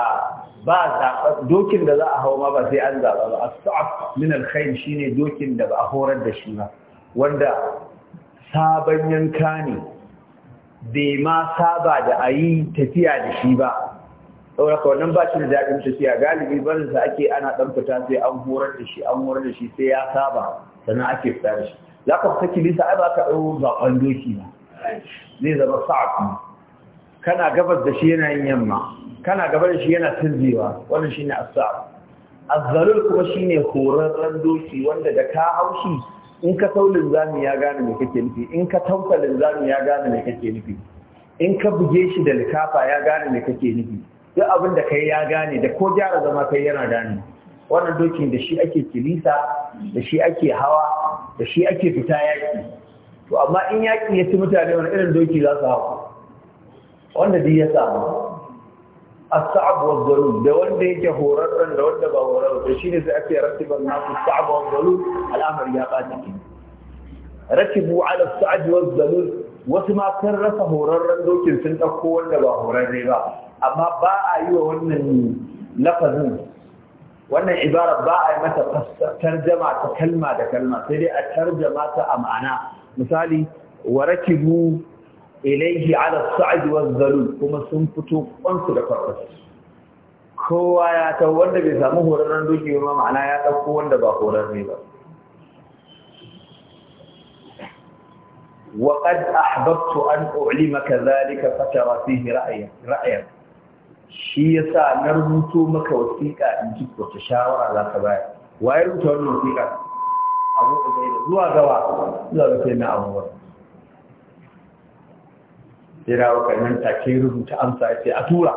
ba zaɓa dokin da za a hau ma ba sai an zaɓa ba as saf min al-khayl shine dokin da ba a horar da shi ba wanda sabon yanka ne bai ma saba da ayi tafiya da shi ba saboda ka wannan ba shi da daɗin tafiya galibi barin sa ake ana ɗan fita sai an horar da shi an horar da shi sai ya saba sannan ake fita da shi za ka fita kilisa ai ba ka ɗau zaɓen doki ba zai zama sa'a kana gabas da shi yana yin yamma kana gabas da shi yana tunzewa wannan ne a saa azzalul kuma shi ne horarren doki wanda da ka haushi in ka taulin zami ya gane me kake nufi in ka taukalin zami ya gane me kake nufi in ka buge shi da likafa ya gane me kake nufi duk abin da kai ya gane da ko gyara zama kai yana gane wannan dokin da shi ake kilisa da shi ake hawa da shi ake fita yaƙi to amma in yaƙi ya ci mutane wani irin doki za su hau wanda duk ya samu as-sa'ab wa dhalul da wanda yake horarren da wanda ba horar horarren to shine sai ake rattiban nasu as-sa'ab wa dhalul al'amari ya ba take rakibu ala as-sa'ab wa dhalul wasu ma kan rasa horarren dokin sun dauko wanda ba horarre ba amma ba a yi wa wannan lafazin wannan ibara ba a yi mata tarjama ta kalma da kalma sai dai a tarjama ta a ma'ana misali wa rakibu ilaihi ala sa'd wa zalul kuma sun fito kwansu da farfasa kowa ya ta wanda bai samu horarren doki ba ma'ana ya ɗauko wanda ba horarre ba وقد أحببت أن أعلمك ذلك فترى فيه رأيك رأيك shi ya sa na rubuto maka wasiƙa in ji wata shawara za ka bayar waye rubuta wannan wasiƙa abu da zuwa gawa zuwa ga sai na abubuwa sai na waka nan ke rubuta amsa ce a tura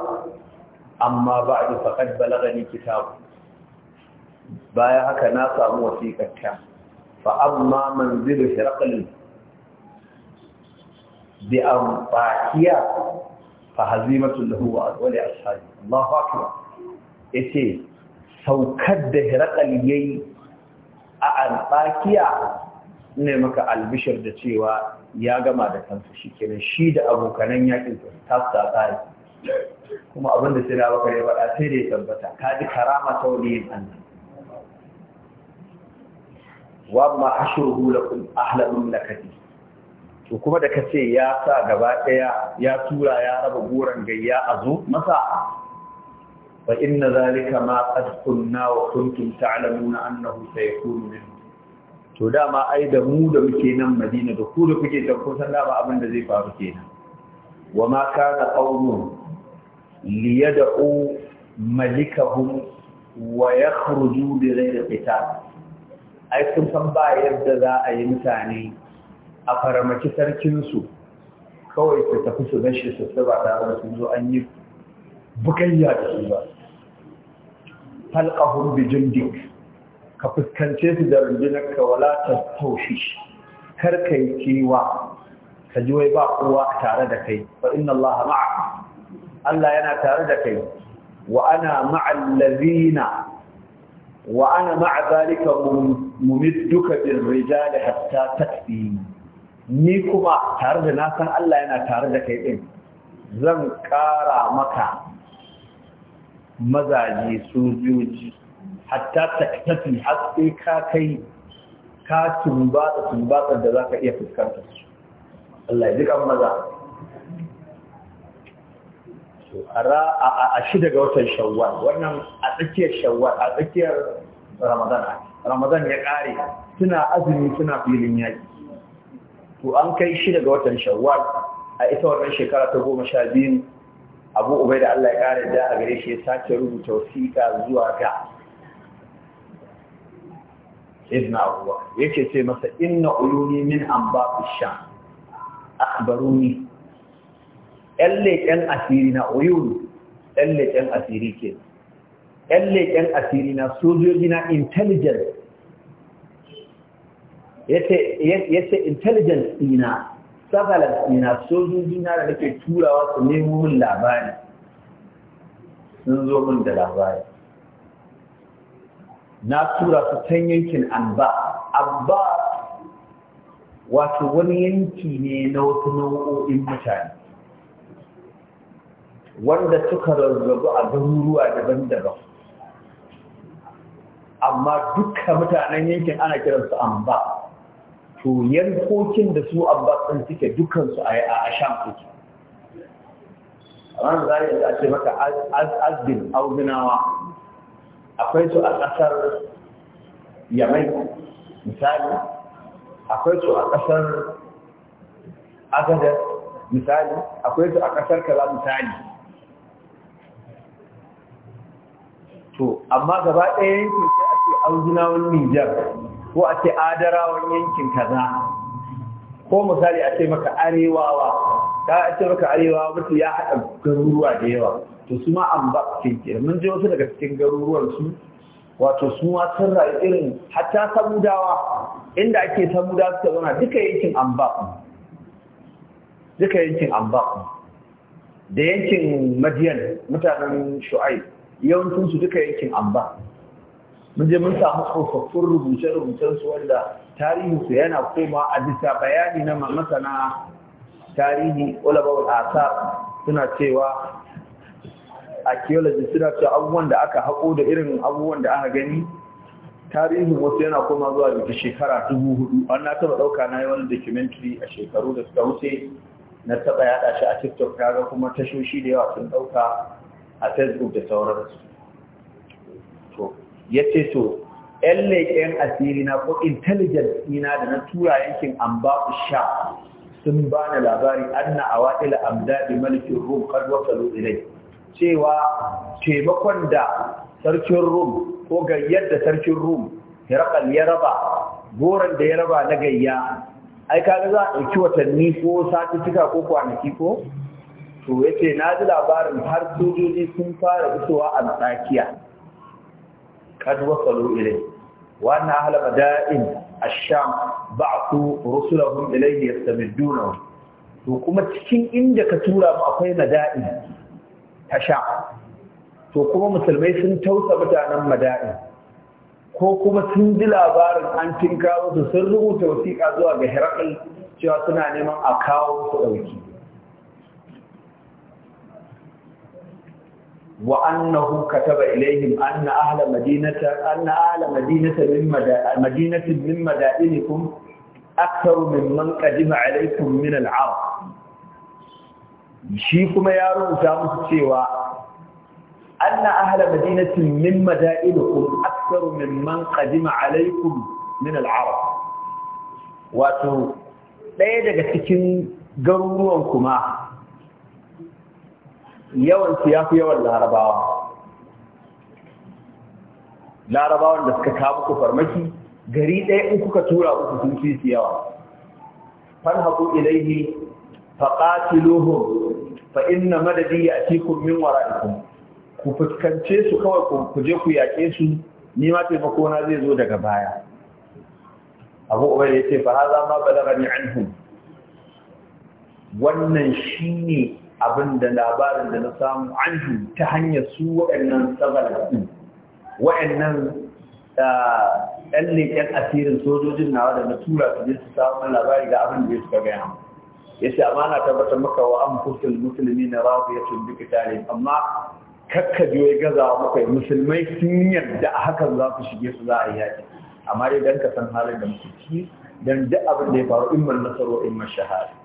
amma ba a faƙad balagani kitabu bayan haka na samu wasiƙar ta fa amma manzilu shirqal bi an fa hazimatul lahu a wali ashabi haka Ya ce saukar da hirakal yayi a alfakiya ne maka albishir da cewa ya gama da kansa kira shi da abokanan yakin ta ta tsari kuma abin da sai da bakar ya faɗa sai da ya tabbata ka ji karama ta wani yin Allah wa ma ashruhu lakum ahlalun mamlakati to kuma da ka ce ya sa gaba ɗaya ya tura ya raba goron gayya a zo masa ba inna zalika ma qad kunna wa kuntum ta'lamuna annahu sayakunu min to dama ai da mu da muke nan Madina da ku da kuke da kun san abin da zai faru kenan wa ma kana qawmun yad'u malikahum wa yakhruju bi ghayri qital ai kun san ba yadda za a yi mutane a farmaki sarkinsu kawai su tafi su gashi su saba da sun zo an yi bukayya da su ba halƙahun bijin dik ka fuskance su da rundunar ka wala ta taushi kar ka yi kewa ka ji wai ba kowa tare da kai fa inna Allah ma'a Allah yana tare da kai wa ana ma'al ladina wa ana ma'a zalika mumidduka bil rijali hatta tatfi ni kuma tare da na san Allah yana tare da kai ɗin zan ƙara maka mazaje sojoji hatta ta har sai ka kai ka tumbatsa tumbatsar da za ka iya fuskantar su Allah ya ji kan maza a shida ga watan shawwal wannan a tsakiyar shawwal a tsakiyar ramadan ramadan ya ƙare suna azumi suna filin yaki. to an kai shi daga watan shawwal a ita wannan shekara ta goma sha biyu abu ubai da allah ya kare da a gare shi ya sake rubuta wasiƙa zuwa ga ibn abuwa yake ce masa inna uluni min an ba sha akbaruni yan leƙen asiri na uyuni yan leƙen asiri ke yan leƙen asiri na sojoji na intelligence yace intelligence ɗina surveillance ɗina sojoji na da nake turawa su nemo min labari sun zo min da labari na tura su can yankin amba amba wato wani yanki ne na wasu nau'o'in mutane wanda suka rarrabu a garuruwa daban-daban amma dukkan mutanen yankin ana kiransu amba to yankokin da su ɗin suke dukansu a sham suke amma za a ce maka azbin auzinawa akwai su a ƙasar yamai misali akwai su a ƙasar agadar misali akwai su a ƙasar kaza misali to amma gaba ɗaya yankin sai ake ce auzinawan nijar ko a ce adarawan yankin kaza ko misali a ce maka arewawa ka a ce maka arewawa mutu ya haɗa garuruwa da yawa to su ma an ba cikin mun je wasu daga cikin garuruwan su wato su ma sun rayu irin hatta samudawa inda ake samudawa suka zauna duka yankin an ba duka yankin an ba da yankin madiyan mutanen shu'ai yawancinsu duka yankin an ba mun je mun samu tsofaffin rubuce-rubucen su wanda tarihinsu yana koma a bisa bayani na masana tarihi ulabawul asa suna cewa archaeology suna cewa abubuwan da aka haƙo da irin abubuwan da aka gani tarihin wasu yana koma zuwa daga shekara dubu hudu an na taɓa ɗauka na yi wani documentary a shekaru da suka wuce na taɓa yaɗa shi a tiktok kaga kuma tashoshi da yawa sun ɗauka a facebook da sauransu ya ce to ‘yan leƙen asiri na ko intelligence ina da na tura yankin ambaku sha sun ba ni labari anna a waɗila amdadi malikin rum kan wasalu ilai cewa taimakon da sarkin rum ko gayyar da sarkin rum hirakal ya raba goron da ya raba na gayya ai kaga za a ɗauki watanni ko sati cika ko kwanaki ko to ce na ji labarin har sojoji sun fara isowa a tsakiya قد وصلوا إليه وأن أهل مدائن الشام بعثوا رسلهم إليه يستمدونه وكما تكين عندك تورا أقوي مدائن تشام وكما مسلمين سنتوسى متعنا مدائن ko kuma sun ji labarin an tinkawo su sun rubuta wasiƙa zuwa ga Herakl cewa suna neman a kawo su ɗauki. wa annahu kataba ilayhim anna ahla madinata min madinati min madainikum aktharu min min al'arab shi kuma ya rubuta musu cewa anna ahla madinati min madainikum aktharu min man qadima min al'arab wato ɗaya daga cikin garuruwan kuma yawan su yawan larabawa larabawan da suka kawo ku farmaki gari ɗaya in kuka tura uku sun fi su yawa farhabu ilaihi qatiluhu fa inna madadi ya'tikum min wara'ikum ku fuskance su kawai ku je ku yaƙe su ni ma taimako na zai zo daga baya abu ubai ya ce fa haza ma balagani anhum wannan shine abin da labarin da na samu anhu ta hanyar su waɗannan sabalin waɗannan ah, ɗan leƙen asirin sojojin na da na tura su je su samu labari ga abin da ya suka gaya mu ya ce amma na tabbatar maka wa an musulmi na rabu ya tun duka tare amma kakka biyo ya gaza wa muka musulmai sun yarda a hakan za su shige su za a yi yaƙi amma dai don ka san halin da muke ci don duk abin da ya faru in man nasaro in man shahada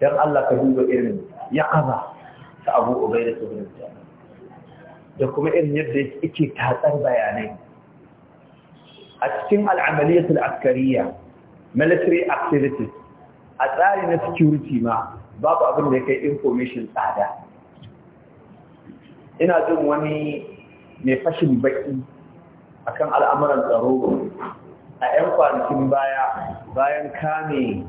dan Allah ka duba irin ya kaza ta Abu Ubaida da Jarrah da kuma irin yadda yake tatsar bayanai a cikin al'amaliyat askariya, military activities a tsari na security ma babu abin da ya kai information tsada ina jin wani mai fashin baki akan al'amuran tsaro a 'yan kwanakin baya bayan kame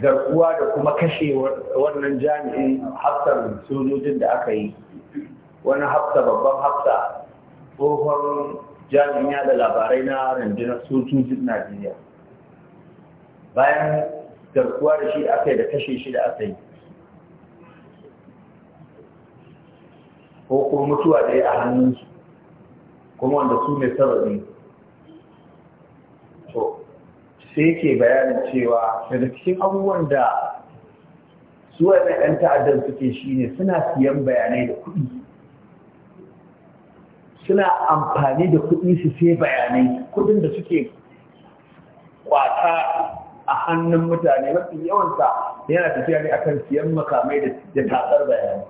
garkuwa da kuma kashe wannan jami'in hafsar sojojin da aka yi wani hafsa babban hafsa tsohon jami'in yada labarai na rundunar sojojin najeriya bayan garkuwa da shi aka yi da kashe shi da aka yi ko kuma mutuwa da ya a hannunsu kuma wanda su ne sababi sai yake bayanin cewa daga cikin abubuwan da su waɗanda ɗan ta'addar suke shine suna siyan bayanai da kuɗi suna amfani da kuɗi su sai bayanai kuɗin da suke kwata a hannun mutane mafi yawansa yana tafiya ne akan siyan makamai da tatsar bayanai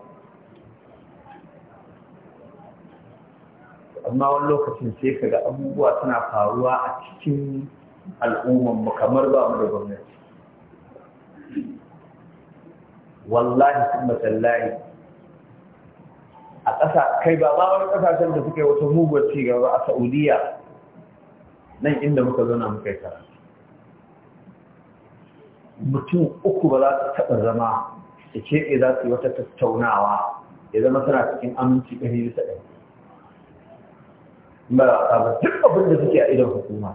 amma wani lokacin sai kaga abubuwa suna faruwa a cikin al'umman mu kamar ba mu da gwamnati wallahi sun matsalai a ƙasa kai ba ma wani ƙasashen da suke wata muguwar cigaba a saudiya nan inda muka zauna muka yi karatu mutum uku ba za su taɓa zama da ɗaya za su yi wata tattaunawa ya zama suna cikin aminci ɗari bisa ɗari ba duk abinda suke a idon hukuma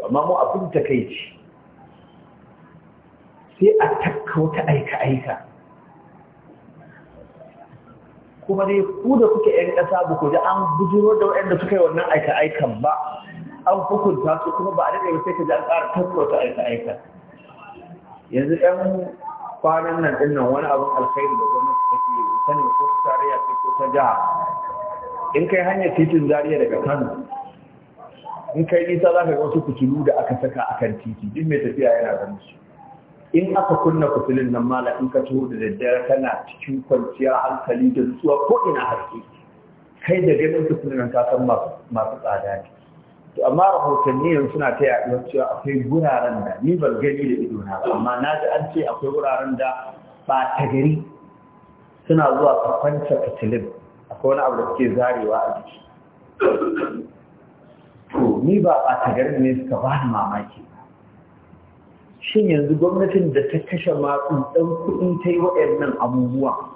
su amma mu abin ta kai ce sai a takka wata aika-aika kuma dai ku da kuke 'yan ƙasa ba ku ji an bujiro da waɗanda suka yi wannan aika-aikan ba an hukunta su kuma ba a daɗe sai ka ji an ƙara takka wata aika-aika yanzu 'yan kwanan nan ɗin nan wani abin alkhairu da gwamnati take yi sanin ko tarayya ko ta jiha in kai hanyar titin zariya daga kano in kai nisa za ka ga wasu fitilu da aka saka a kan titi duk mai tafiya yana da musu. in aka kunna fitilun nan mala in ka taho da daddare kana cikin kwanciyar hankali da zuwa ko ina haske kai da ganin fitilun nan ka san masu tsada ne to amma rahotanni yanzu suna ta yaɗuwar cewa akwai wuraren da ni ban gani da ido na amma na ji an ce akwai wuraren da ba ta gari suna zuwa ka kwanta fitilun akwai wani abu da suke zarewa a jiki to ni ba a garin ne suka ba ni mamaki shin yanzu gwamnatin da ta kashe ɗan kuɗi ta yi waɗannan abubuwa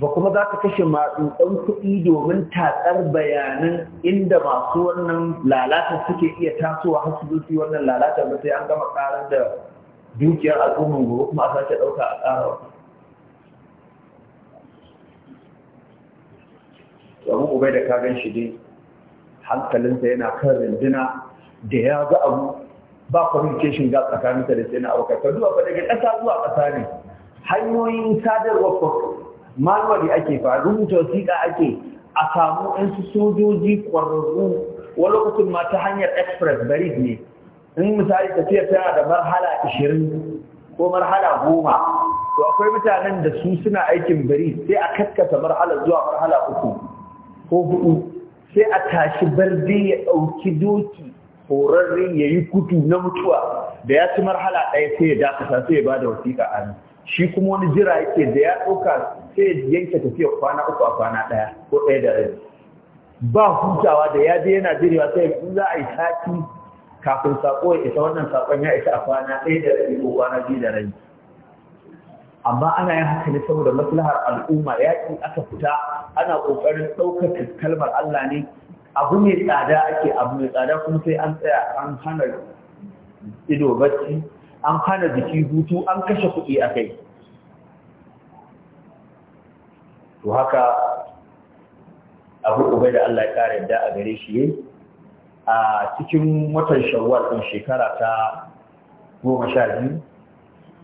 ba kuma za ka kashe ɗan kuɗi domin tatsar bayanan inda masu wannan lalata suke iya tasowa har su zuci wannan lalata ba sai an gama ƙarar da dukiyar al'ummar gobe kuma a sake ɗauka a ƙara domin ubai da ka gan shi dai hankalinsa yana kan rindina da ya ga abu ba communication ga tsakaninsa da sai na abokai ka zuwa daga ƙasa zuwa ƙasa ne hanyoyin sadarwa ko manuwali ake fa rubuta wasiƙa ake a samu ɗansu sojoji ƙwararru wani lokacin ma ta hanyar express barid ne in misali tafiya tana da marhala ashirin ko marhala goma to akwai mutanen da su suna aikin bari sai a kaskata marhala zuwa marhala uku ko huɗu. sai a tashi barde ya ɗauki doki horarren ya yi gudu na mutuwa da ya ci marhala ɗaya sai ya dakata sai ya ba da wasiƙa a shi kuma wani jira yake da ya ɗauka sai ya yanke tafiya kwana uku a kwana ɗaya ko ɗaya da rabi ba hutawa da ya je yana jirewa sai in za a yi sati kafin saƙo ya isa wannan saƙon ya isa a kwana ɗaya da rabi ko kwana biyu da rabi amma ana yin haka ne saboda maslahar al'umma yaƙi aka fita ana ƙoƙarin ɗaukaka kalmar Allah ne abu mai tsada ake abu mai tsada kuma sai an tsaya an hana ido bacci an hana jiki hutu an kashe kuɗi a kai to haka abu ubai da Allah ya ƙara yadda a gare shi yayi a cikin watan shawwal ɗin shekara ta goma sha biyu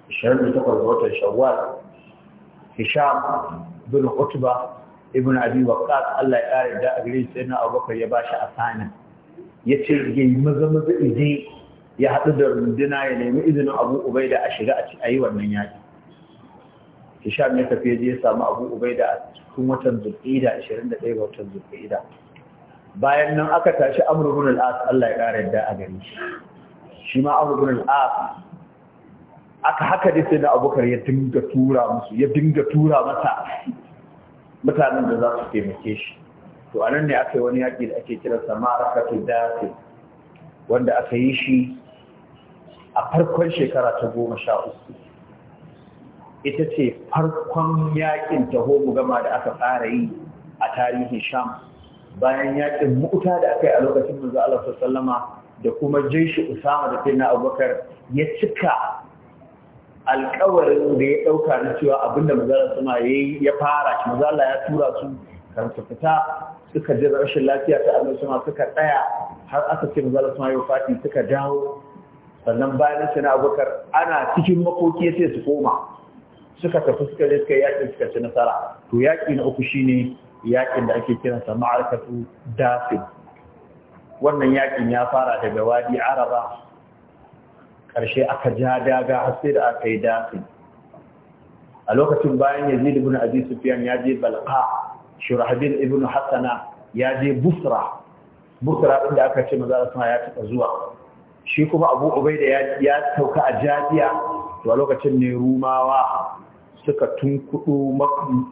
takwas ga watan shawwal hisham bin utba ibn abi waqqas Allah ya kare da agri sai na abubakar ya bashi asani yace yayi maza maza ije ya hadu da runduna ya nemi izinin Abu Ubaida a shiga a ci ayi wannan yaki Hisham ya tafi je ya samu Abu Ubaida a cikin watan Zulqa'ida 21 ga watan Zulqa'ida bayan nan aka tashi Amr ibn al-As Allah ya kare da agri shi ma Amr ibn al-As aka haka dai sai na abubakar ya dinga tura musu ya dinga tura mata mutanen da za su taimake shi to anan ne aka yi wani yaƙi da ake kiransa ma'arakatu dafi wanda aka yi shi a farkon shekara ta goma sha uku ita ce farkon yaƙin taho mu gama da aka fara yi a tarihin sham bayan yaƙin mu'uta da aka yi a lokacin manzo Allah sallama da kuma jeshi usama da sai na abubakar ya cika alkawarin da ya ɗauka na cewa abinda mazala suna ya fara shi mazala ya tura su kan su fita suka ji rashin lafiya ta annabi suna suka tsaya har aka ce mazala suna yau fati suka dawo sannan bayan shi na abokar ana cikin makoki sai su koma suka tafi suka je suka yaƙi suka ci nasara to yaƙi na uku shine yaƙin da ake kiransa ma'arkatu dafin wannan yaƙin ya fara daga wadi araba Karshe aka ja daga har sai da aka yi dafi a lokacin bayan yazid ibn abi sufyan ya je balqa shurahbil ibn hasana ya je busra busra inda aka ce maza sama ya taɓa zuwa shi kuma abu ubaida ya ya sauka a jabiya to a lokacin ne rumawa suka tunkudo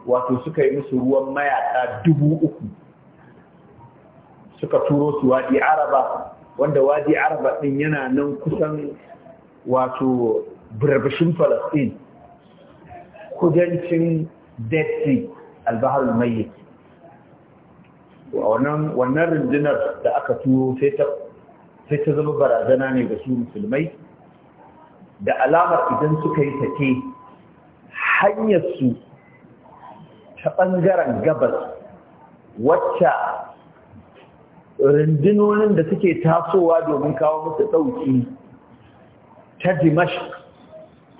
wato suka yi musu ruwan mayaka dubu uku suka turo su wadi araba wanda wadi araba din yana nan kusan wato burbushin Falasɗin, kudancin dead sea mai wannan rundunar da aka turo sai ta zama barazana ne ga su musulmai da alamar idan suka yi take hanyarsu ta ɓangaren gabas wacce rundunonin da suke tasowa domin kawo musu ɗauki ta dimashi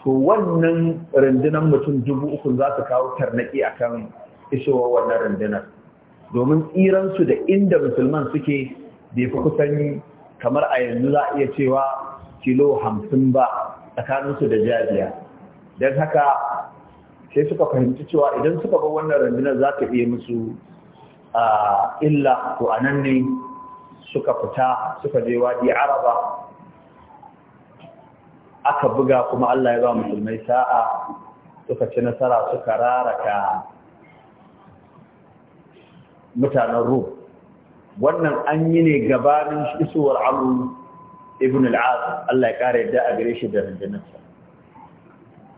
to wannan rundunar mutum dubu uku za su kawo tarnaki a kan isowa wannan rundunar domin tsiransu da inda musulman suke bai fi kusan kamar a yanzu za a iya cewa kilo hamsin ba tsakaninsu da jariya. don haka sai suka fahimci cewa idan suka ga wannan rundunar za ta iya musu ah, illa ko a nan ne suka fita suka je wadi araba aka buga kuma Allah ya ba musulmai sa'a suka ci nasara suka raraka mutanen ruh wannan an yi ne gabanin isuwar Amr ibn al Allah ya kare da a gare shi da rundunarsa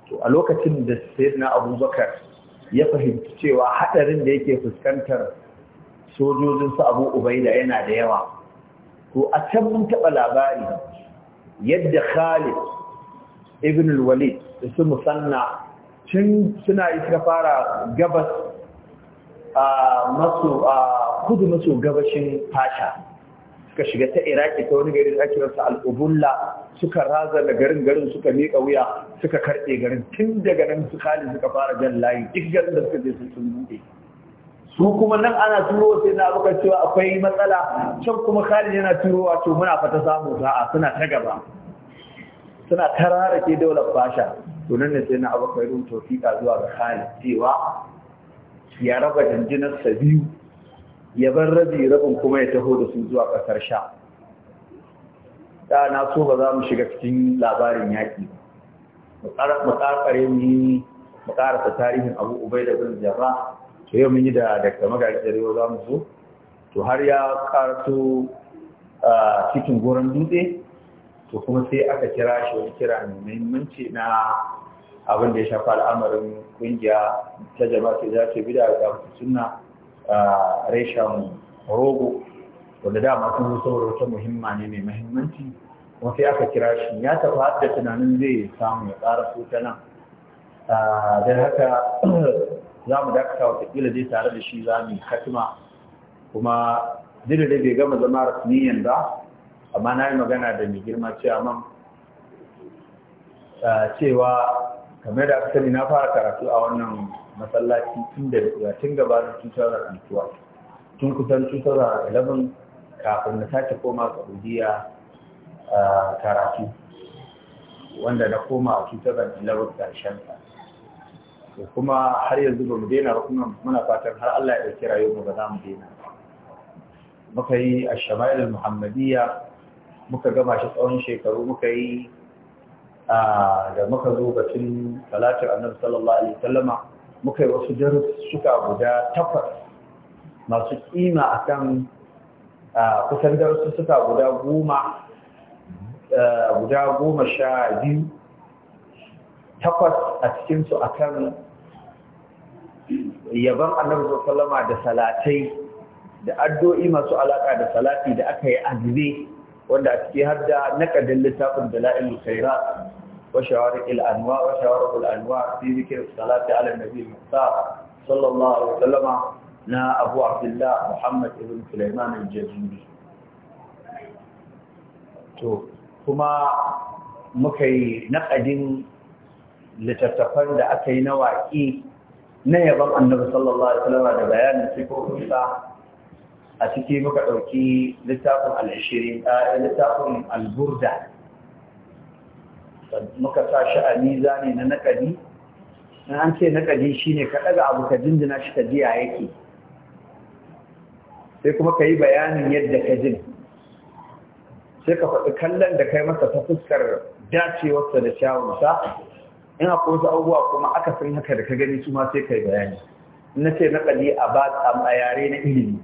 to a lokacin da Sayyidina Abubakar ya fahimci cewa hadarin da yake fuskantar sojojin su Abu Ubaida yana da yawa to a can mun taba labari yadda Khalid ibn al-walid da su musanna suna ita fara gabas a maso a kudu maso gabashin fasha suka shiga ta iraki ta wani garin ake wasu al'ubulla suka raza da garin garin suka miƙa wuya suka karɓe garin tun daga nan su kali suka fara jan layi duk garin da suka je su sun buɗe su kuma nan ana turo sai na abokan cewa akwai matsala can kuma khalid yana turowa to muna fata samu sa'a suna ta gaba suna ke daular fasha tunan nan ne sai na abokan tofika zuwa ga hali cewa ya raba sa biyu ya bar rabi rabin kuma ya taho da su zuwa ƙasar sha da na so ba za mu shiga cikin labarin yaƙi mu ƙarƙare mu mu ƙarasa tarihin abu ubai da bin jarra to yau mun yi da daga magaji da za mu zo to har ya ƙaraso ah, cikin goron dutse to kuma sai aka kira shi wani kira mai muhimmanci na abin da ya shafa al'amarin kungiya ta jama'a ta za ta bida da a reshen rogo wanda dama sun yi saboda wata muhimma ne mai muhimmanci kuma sai aka kira shi ya tafi tunanin zai samu ya tsara su ta nan don haka za mu dakata watakila zai tare da shi za mu yi katima kuma duk bai gama zama rasmiyan ba amma na yi magana da mai girma cewa man eh, cewa kamar da aka sani na fara karatu a wannan masallaci tun da tun da cutar antuwa tun kusan cutar 11 kafin na sake koma saudiya eh, karatu wanda na koma a cutar 11 karshen sa da kuma har yanzu ba mu daina ba kuma muna fatan har Allah ya ɗauki rayuwar mu ba za mu daina muka yi a shama'il muhammadiyya muka gama shi tsawon shekaru muka yi da muka zo batun salatin annabi sallallahu alaihi wasallama muka yi wasu darussuka guda takwas masu kima akan kusan darussuka guda goma guda goma sha biyu takwas a cikinsu akan yaban annabi sallallahu alaihi wasallama da salatai da addu'o'i masu alaka da salati da aka yi azumi wanda a ciki har da nakadin littafin dala'il khairat wa shawaril anwa wa shawaril anwa fi zikr salati ala nabi musa sallallahu alaihi wasallam na abu abdullah muhammad ibn sulaiman al-jazuri to kuma muka yi nakadin littattafan da aka yi na waƙi na yaban annabi sallallahu alaihi wasallam da bayanin sifofinsa a ciki muka ɗauki littafin al'ashirin a eh, littafin alburda muka sa shi a mizani na nakadi na an ce nakadi ne ka ɗaga abu ka jinjina shi ka jiya yake sai kuma ka yi bayanin yadda ka jin sai ka faɗi kallon da kai masa ta fuskar dacewarsa da kyawunsa in akwai wasu abubuwa kuma aka san haka da ka gani su ma sai ka yi bayani na ce nakadi a ba a yare na ilimi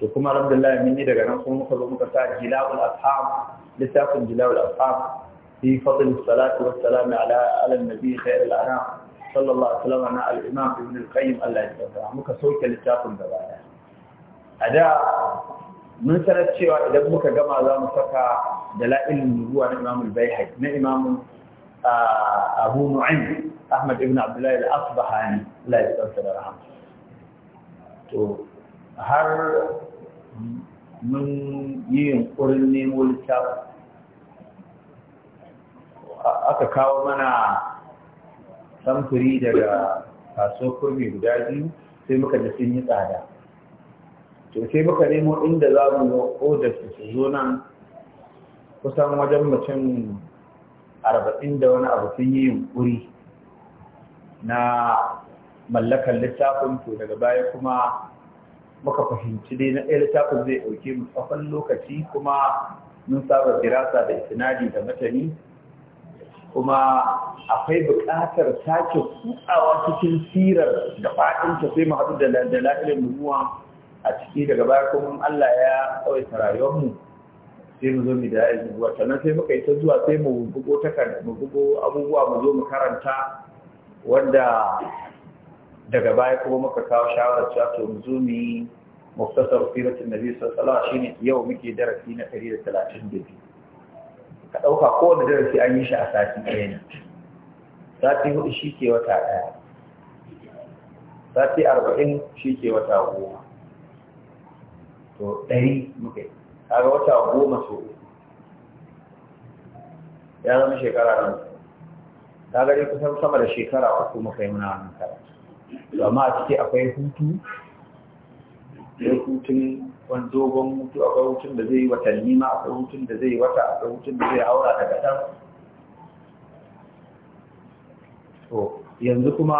to kuma alhamdulillah min yi daga nan kuma muka zo muka sa jila'ul ashab littafin jila'ul ashab fi fadl salatu wa salam ala ala nabi khair al anam sallallahu alaihi wasallam na al imam ibn al qayyim Allah ya tsara muka soke littafin gaba daya a da mun san cewa idan muka gama za mu saka dalailin nubuwa na imam al baihaqi na imam abu nu'aym ahmad ibn abdullah al asbahani Allah ya tsara rahama to har mun yi yunkurin nemo aka kawo mana samfuri daga kaso kurmi guda biyu sai muka da sun yi tsada to sai muka nemo inda za mu yi su su zo nan kusan wajen mutum arba'in da wani abu sun yi yunkuri na mallakar littafin to daga baya kuma muka fahimci dai na ɗaya littafin zai ɗauke mu tsawon lokaci kuma mun saba dirasa da itinadi da matani kuma akwai buƙatar sake kutsawa cikin sirar da faɗin ta sai mu haɗu da la'ilin nuwa a ciki daga baya kuma Allah ya tsawai rayuwarmu sai mu zo mu da yanzu zuwa sannan sai muka yi ta zuwa sai mu bugo mu bugo abubuwa mu zo mu karanta wanda daga baya kuma muka kawo shawarar cewa to mu zo mu yi muftasar siratin nabi sallallahu alaihi wasallam shine yau muke darasi na 132 ka dauka kowane darasi an yi shi a sati ɗaya ne sati hudu shi ke wata ɗaya sati arba'in shi ke wata goma to ɗari muka yi kaga wata goma so ya zama shekara nan ta gari kusan sama da shekara uku muka yi muna wannan karatu amma a ciki akwai hutu ya hutun wani dogon hutu akwai hutun da zai yi watanni ma akwai hutun da zai wata akwai hutun da zai haura daga ɗan to yanzu kuma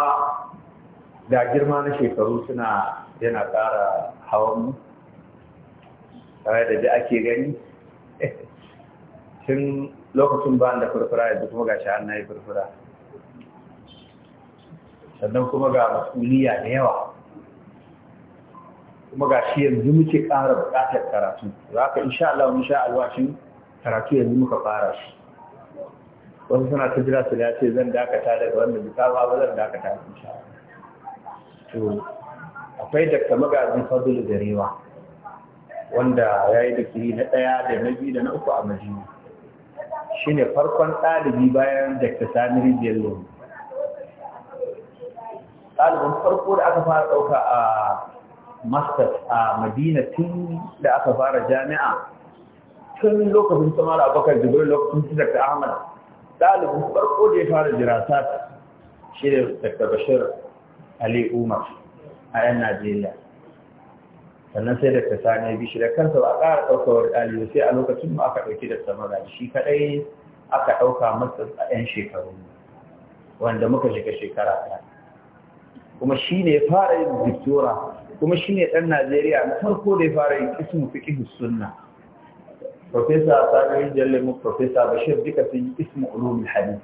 da girma na shekaru suna yana ƙara hawan mu tare da ji ake gani tun lokacin ba da furfura yanzu kuma ga sha'an na yi furfura sannan kuma ga masuliya da yawa kuma ga shi yanzu muke ƙara buƙatar karatu za ka insha Allah mun sha shi karatu yanzu muka fara shi wasu suna ta jira su ya ce zan dakata daga wannan bitawa ba zan dakata insha Allah to akwai dakta magajin fadulu garewa wanda ya yi na ɗaya da na biyu da na uku a Shi shine farkon ɗalibi bayan da sami rijiyar bello ɗalibin farko da aka fara ɗauka a masters a madina tun da aka fara jami'a tun lokacin samar abokan jibirin lokacin su dr ahmad ɗalibin farko da ya fara jirasat shi da dr bashir ali umar a yan najeriya sannan sai da sani bishi da kansa ba ƙara ɗaukawar ɗalibi sai a lokacin mu aka ɗauki da samar shi kaɗai aka ɗauka masters a yan shekaru wanda muka shiga shekara ɗaya kuma shi ne ya fara yin diktora kuma shi ne ɗan najeriya na farko da ya fara yin ismu fiƙi sunna profesa sami jalle mu profesa bashir duka sun yi ismu ulumul hadis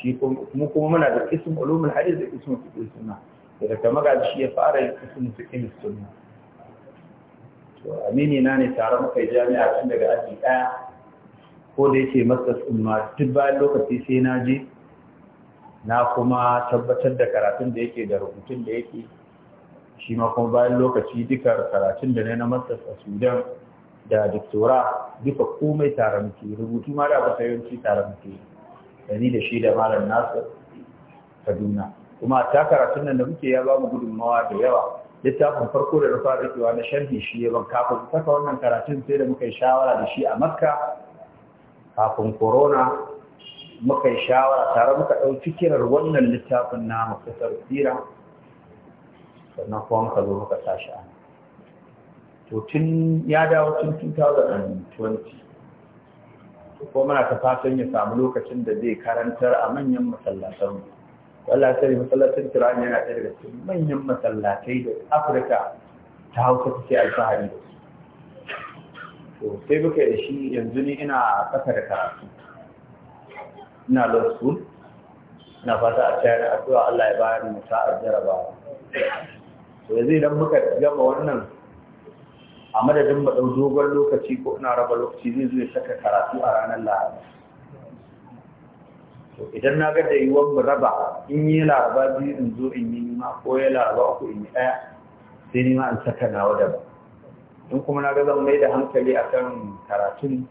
shi kuma kuma muna da ismu ulumul hadis da ismu fiƙi sunna da daga magaji shi ya fara yin ismu fiƙi sunna to amini na ne tare muka jami'a tun daga aji ɗaya ko da yake masa tsumma duk bayan lokaci sai na je na kuma tabbatar da karatun da yake da rubutun da yake shi ma kuma bayan lokaci duka karatun da na na masters a sudan da doctora duka komai tare muke rubutu ma da basa yawanci tare muke da da shi da malam nasir kaduna kuma ta karatun nan da muke ya ba mu gudunmawa da yawa littafin farko da na fara rikewa na sharhi shi ya ban kafin saka wannan karatun sai da muka yi shawara da shi a makka kafin corona muka yi shawara tare muka ɗauki kirar wannan littafin namu ta tsira sannan kuma muka zo muka tashi ana to tun ya dawo tun 2020 ko muna ta fatan ya samu lokacin da zai karantar a manyan masallatan Allah sai masallacin Tirani yana ɗaya daga cikin manyan masallatai da Afirka ta Hausa take alfahari da su. To sai muka da shi yanzu ni ina ƙasa da karatu. ina law school ina fata a cikin addu'a Allah ya bayar mu a jarabawa to yanzu idan muka gama wannan a madadin mu dau dogon lokaci ko ina raba lokaci zai zo ya saka karatu a ranar Laraba to idan na ga da yiwuwar mu raba in yi Laraba biyu in zo in yi ma ko ya Laraba uku in yi ɗaya sai ni ma in saka nawa ba in kuma na ga zan mai da hankali akan karatun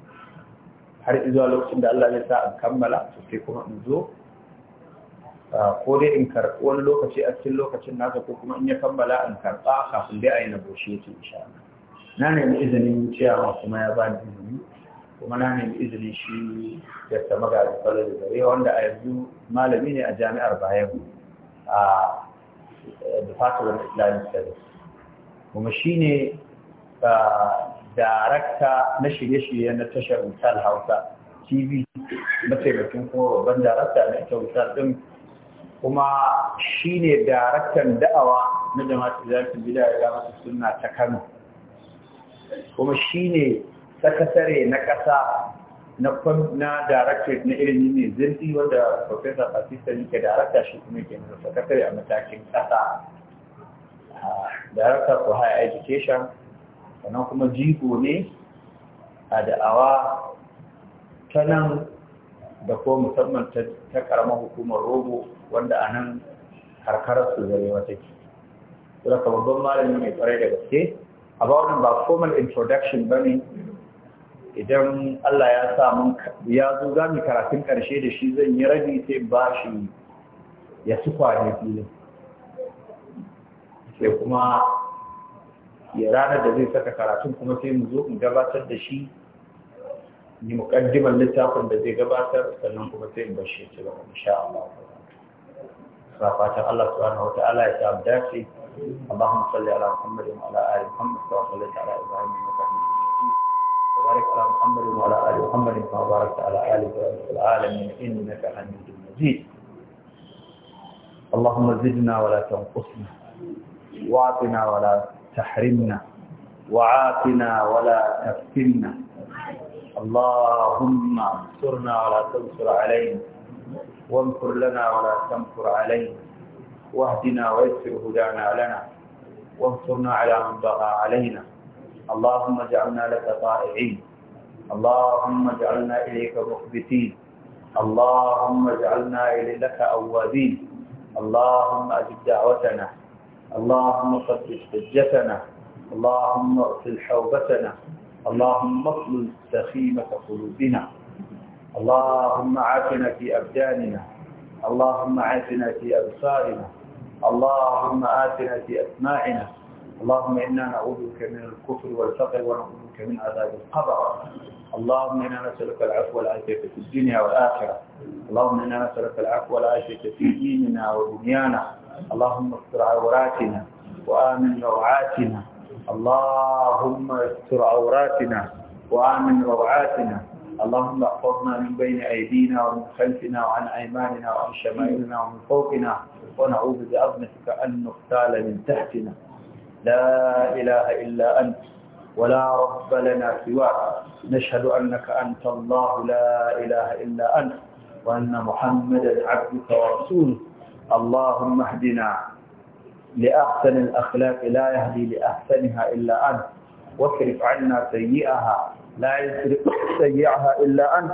har izuwa lokacin da Allah ya sa in kammala to sai kuma in zo ko dai in karɓi wani lokaci a cikin lokacin nasa ko kuma in ya kammala in karɓa kafin dai a yi na negotiation insha Allah na nemi izinin ciyawa kuma ya bani izini kuma na nemi izinin shi ya sami ga alfalo da gare wanda a yanzu malami ne a jami'ar mu a Department of Islamic Studies kuma shi ne darakta na shirye-shirye na tashar wutar hausa tv mataimakin kuma babban darakta na ita wutar din kuma shi ne daraktan da'awa na da zafin bida ya gama su suna ta kano kuma shi ne sakasare na kasa na directorate na ilimi ne zirfi wanda professor batista yake darakta shi kuma ke nuna sakasare a matakin kasa ah, darakta for higher education sannan kuma jigo ne a da'awa ta nan da ko musamman ta karamar hukumar rogo wanda a nan karkarar su zare wata ke ka babban malami mai tsare da gaske a bawon ba formal introduction ba ne idan Allah ya sa ya zo za mu karatun karshe da shi zan yi rabi sai ba shi ya su kwane filin sai kuma ya ranar da zai saka karatun kuma sai mu zo mu gabatar da shi ni muƙaddimar littafin da zai gabatar sannan kuma sai in bar shi ci gaba insha Allah ta fatan Allah subhanahu wataala ya sa dace Allahumma salli ala Muhammad wa ala ali Muhammad wa salli ala Ibrahim wa ala وبارك على محمد وعلى ال محمد كما باركت على ال ابراهيم في العالمين انك حميد مجيد اللهم زدنا ولا تنقصنا واعطنا ولا تحرمنا وعافنا ولا تفتنا اللهم انصرنا ولا تنصر علينا وانصر لنا ولا تنصر علينا واهدنا ويسر هدانا لنا وانصرنا على من بغى علينا اللهم اجعلنا لك طائعين اللهم اجعلنا إليك مخبتين اللهم اجعلنا إليك أوابين اللهم أجب دعوتنا اللهم فتح حجتنا اللهم اغفر حوبتنا اللهم اطلل سخيمة قلوبنا اللهم عافنا في أبداننا اللهم عافنا في أبصارنا اللهم آتنا في أسماعنا اللهم إنا نعوذ بك من الكفر والفقر ونعوذ بك من عذاب القبر اللهم إنا نسألك العفو والعافية في الدنيا والآخرة اللهم إنا نسألك العفو والعافية في ديننا ودنيانا اللهم استر عوراتنا وآمن روعاتنا اللهم استر عوراتنا وآمن روعاتنا اللهم احفظنا من بين أيدينا ومن خلفنا وعن أيماننا وعن شمائلنا ومن فوقنا ونعوذ بعظمتك أن نغتال من تحتنا لا إله إلا أنت ولا رب لنا سواك نشهد أنك أنت الله لا إله إلا أنت وأن محمدا عبدك ورسوله اللهم اهدنا لأحسن الأخلاق لا يهدي لأحسنها إلا أنت واصرف عنا سيئها لا يصرف سيئها إلا أنت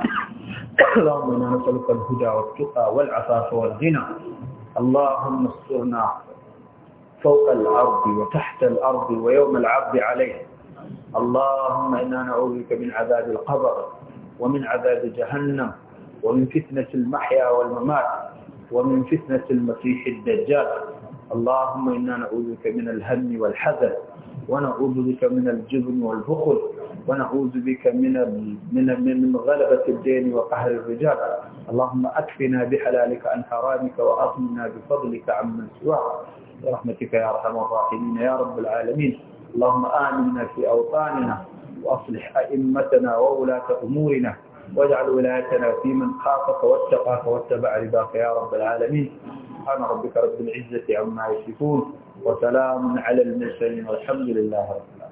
اللهم إنا نسألك الهدى والتقى والعفاف والغنى اللهم استرنا فوق الأرض وتحت الأرض ويوم العرض عليه اللهم إنا نعوذ بك من عذاب القبر ومن عذاب جهنم ومن فتنة المحيا والممات ومن فتنة المسيح الدجال اللهم إنا نعوذ بك من الهم والحزن ونعوذ بك من الجبن والبخل ونعوذ بك من من من غلبة الدين وقهر الرجال اللهم أكفنا بحلالك عن حرامك وأغننا بفضلك عمن سواك برحمتك يا أرحم الراحمين يا رب العالمين اللهم آمنا في أوطاننا وأصلح أئمتنا وولاة أمورنا واجعل ولايتنا في من خافك واتقاك واتبع رضاك يا رب العالمين سبحان ربك رب العزة عما يشركون وسلام على المرسلين والحمد لله رب العالمين